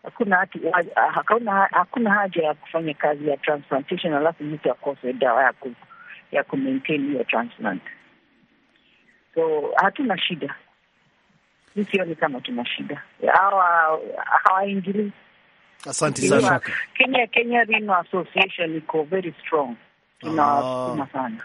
Hakuna hati, ah, hakuna, hakuna haja ya kufanya kazi ya transplantation alafu mtu akose dawa ya ku, ya ku maintain hiyo transplant. So hatuna shida, mi sioni kama tuna shida, hawaingilii. Asante sana. Kenya, Kenya Renal Association iko very strong, tunawasukuma ah. sana.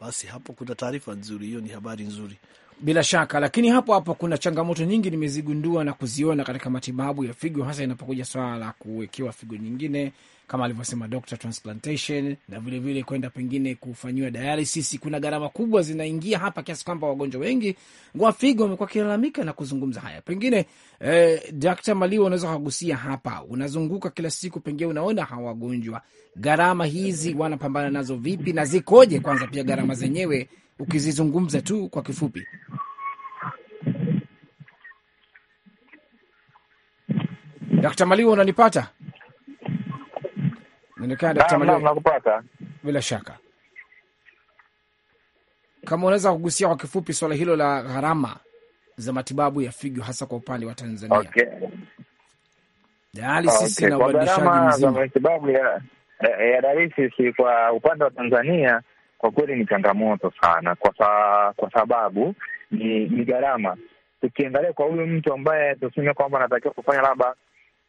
Basi hapo kuna taarifa nzuri, hiyo ni habari nzuri. Bila shaka, lakini hapo hapo kuna changamoto nyingi nimezigundua na kuziona katika matibabu ya figo, hasa inapokuja swala la kuwekewa figo nyingine kama alivyosema doctor, transplantation na vilevile kwenda pengine kufanyiwa dialysis. Kuna gharama kubwa zinaingia hapa, kiasi kwamba wagonjwa wengi wa figo wamekuwa wakilalamika na kuzungumza haya. Pengine eh, Dr. Maliwa, unaweza kugusia hapa, unazunguka kila siku, pengine unaona hawa wagonjwa, gharama hizi wanapambana nazo vipi na zikoje? Kwanza pia gharama zenyewe ukizizungumza tu kwa kifupi? Dakta Maliwa, unanipata? nakupata bila shaka. Kama unaweza kugusia kwa kifupi swala hilo la gharama za matibabu ya figo hasa kwa upande wa Tanzania. Okay. Dialysis yaani okay, na ubadilishaji mzima. Matibabu ya, ya dialysis kwa upande wa Tanzania kwa kweli ni changamoto sana, kwa sa, kwa sababu ni ni gharama. Tukiangalia kwa huyu mtu ambaye tuseme kwamba anatakiwa kufanya labda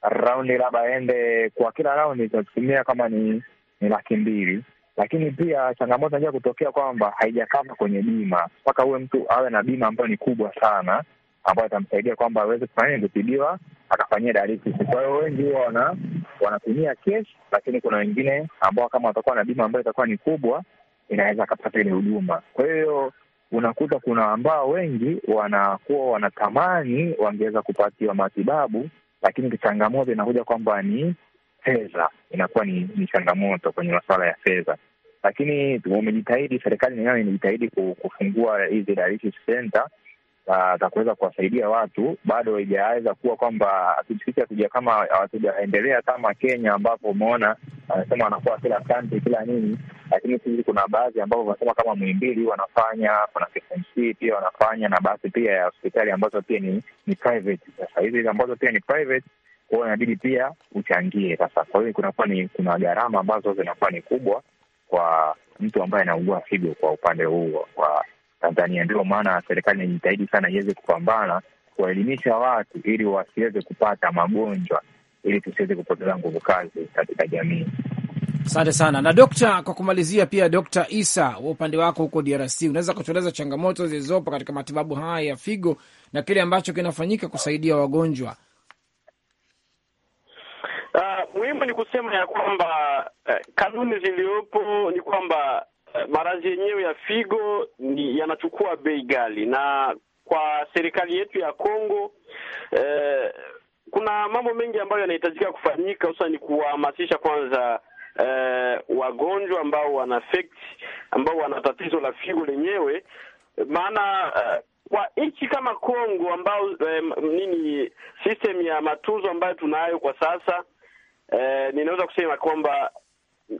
raundi labda aende kwa kila raundi tunatumia kama ni ni laki mbili, lakini pia changamoto inaweza kutokea kwamba haijakama kwenye bima, mpaka huwe mtu awe na bima ambayo ni kubwa sana ambayo itamsaidia kwamba aweze kufanya kutibiwa akafanyia dialysis. Kwa hiyo wengi huwa wanatumia cash, lakini kuna wengine ambao kama watakuwa na bima ambayo itakuwa ni kubwa inaweza akapata ile huduma. Kwa hiyo unakuta kuna ambao wengi wanakuwa wanatamani wangeweza kupatiwa matibabu, lakini changamoto inakuja kwamba ni fedha, inakuwa ni, ni changamoto kwenye masuala ya fedha. Lakini wamejitahidi, serikali nayo imejitahidi kufungua hizi dialysis center za kuweza kuwasaidia watu bado haijaweza kuwa kwamba sisi hatuja kama hatujaendelea kama Kenya, ambapo umeona anasema uh, wanakuwa kila kanti kila nini, lakini sisi kuna baadhi ambapo wanasema kama Muhimbili wanafanya kuna pia wanafanya na basi pia ya hospitali ambazo pia ni ni private. Sasa hizi ambazo pia ni private, kwao inabidi pia uchangie. Sasa kwa hiyo kunakuwa ni kuna gharama ambazo zinakuwa ni kubwa kwa mtu ambaye anaugua figo kwa upande huo wa Tanzania. Ndio maana serikali inajitahidi sana iweze kupambana kuwaelimisha watu ili wasiweze kupata magonjwa, ili tusiweze kupoteza nguvu kazi katika jamii. Asante sana. Na dokta, kwa kumalizia, pia Dokta Isa, wa upande wako huko DRC, unaweza kutueleza changamoto zilizopo katika matibabu haya ya figo na kile ambacho kinafanyika kusaidia wagonjwa? Uh, muhimu ni kusema ya kwamba uh, kanuni ziliyopo ni kwamba Eh, maradhi yenyewe ya figo yanachukua bei ghali, na kwa serikali yetu ya Kongo eh, kuna mambo mengi ambayo yanahitajika kufanyika, hususan ni kuwahamasisha kwanza eh, wagonjwa ambao wana fect, ambao wana tatizo la figo lenyewe, maana eh, kwa nchi kama Kongo ambao eh, nini system ya matunzo ambayo tunayo kwa sasa eh, ninaweza kusema kwamba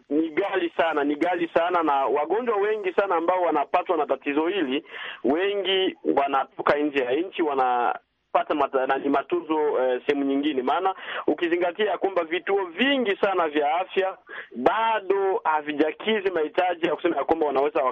ni gali sana, ni gali sana, na wagonjwa wengi sana ambao wanapatwa na tatizo hili, wengi wanatoka nje ya nchi wana ni matunzo eh, sehemu nyingine, maana ukizingatia ya kwamba vituo vingi sana vya afya bado havijakizi mahitaji ya kusema ya kwamba wanaweza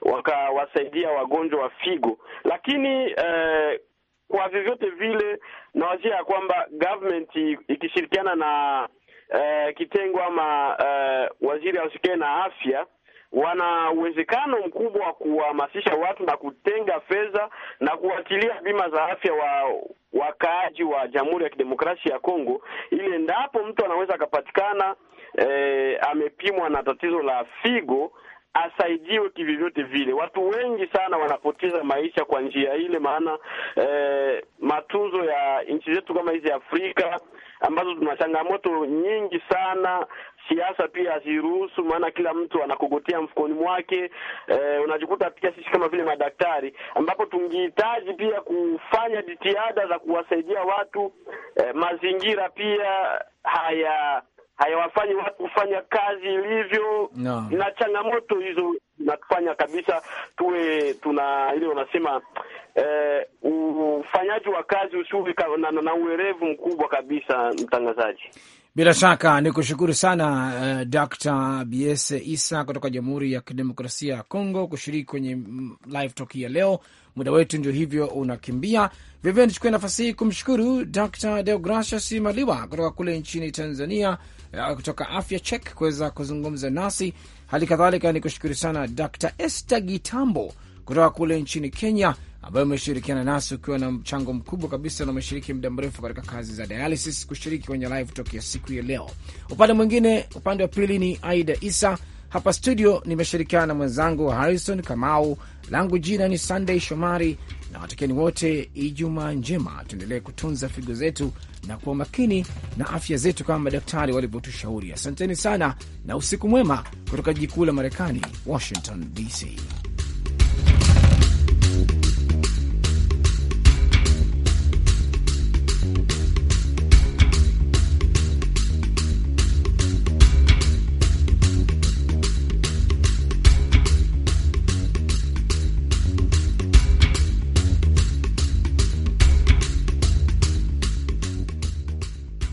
wakawasaidia waka wagonjwa wa figo, lakini eh, kwa vyovyote vile nawazia ya kwamba government ikishirikiana na eh, kitengo ama eh, waziri ausikae na afya wana uwezekano mkubwa wa kuhamasisha watu na kutenga fedha na kuwatilia bima za afya wa wakaaji wa Jamhuri ya Kidemokrasia ya Kongo, ili endapo mtu anaweza akapatikana eh, amepimwa na tatizo la figo asaidiwe kivyovyote vile. Watu wengi sana wanapoteza maisha kwa njia ile, maana eh, matunzo ya nchi zetu kama hizi Afrika ambazo tuna changamoto nyingi sana siasa pia haziruhusu, maana kila mtu anakogotea mfukoni mwake. E, unajikuta pia sisi kama vile madaktari ambapo tungehitaji pia kufanya jitihada za kuwasaidia watu. E, mazingira pia haya hayawafanyi watu kufanya kazi ilivyo no. Na changamoto hizo zinatufanya kabisa tuwe tuna ile wanasema eh, ufanyaji wa kazi usiwe na, na, na uwerevu mkubwa kabisa. Mtangazaji, bila shaka ni kushukuru sana uh, Dr. BS Isa kutoka Jamhuri ya Kidemokrasia ya Kongo kushiriki kwenye mm, live talk ya leo. Muda wetu ndio hivyo unakimbia. Vivyo nichukue nafasi hii kumshukuru Dr. Deogracias Maliwa kutoka kule nchini Tanzania Eh, kutoka Afya Check kuweza kuzungumza nasi. Hali kadhalika ni kushukuru sana Dr Esther Gitambo kutoka kule nchini Kenya, ambayo umeshirikiana nasi ukiwa na mchango mkubwa kabisa na umeshiriki muda mrefu katika kazi za dialysis, kushiriki kwenye live tokea siku ya leo. Upande mwingine, upande wa pili ni Aida Isa. Hapa studio nimeshirikiana na mwenzangu Harrison Kamau, langu jina ni Sunday Shomari na watakieni wote Ijumaa njema. Tuendelee kutunza figo zetu na kuwa makini na afya zetu kama madaktari walivyotushauri. Asanteni sana na usiku mwema, kutoka jikuu la Marekani, Washington DC.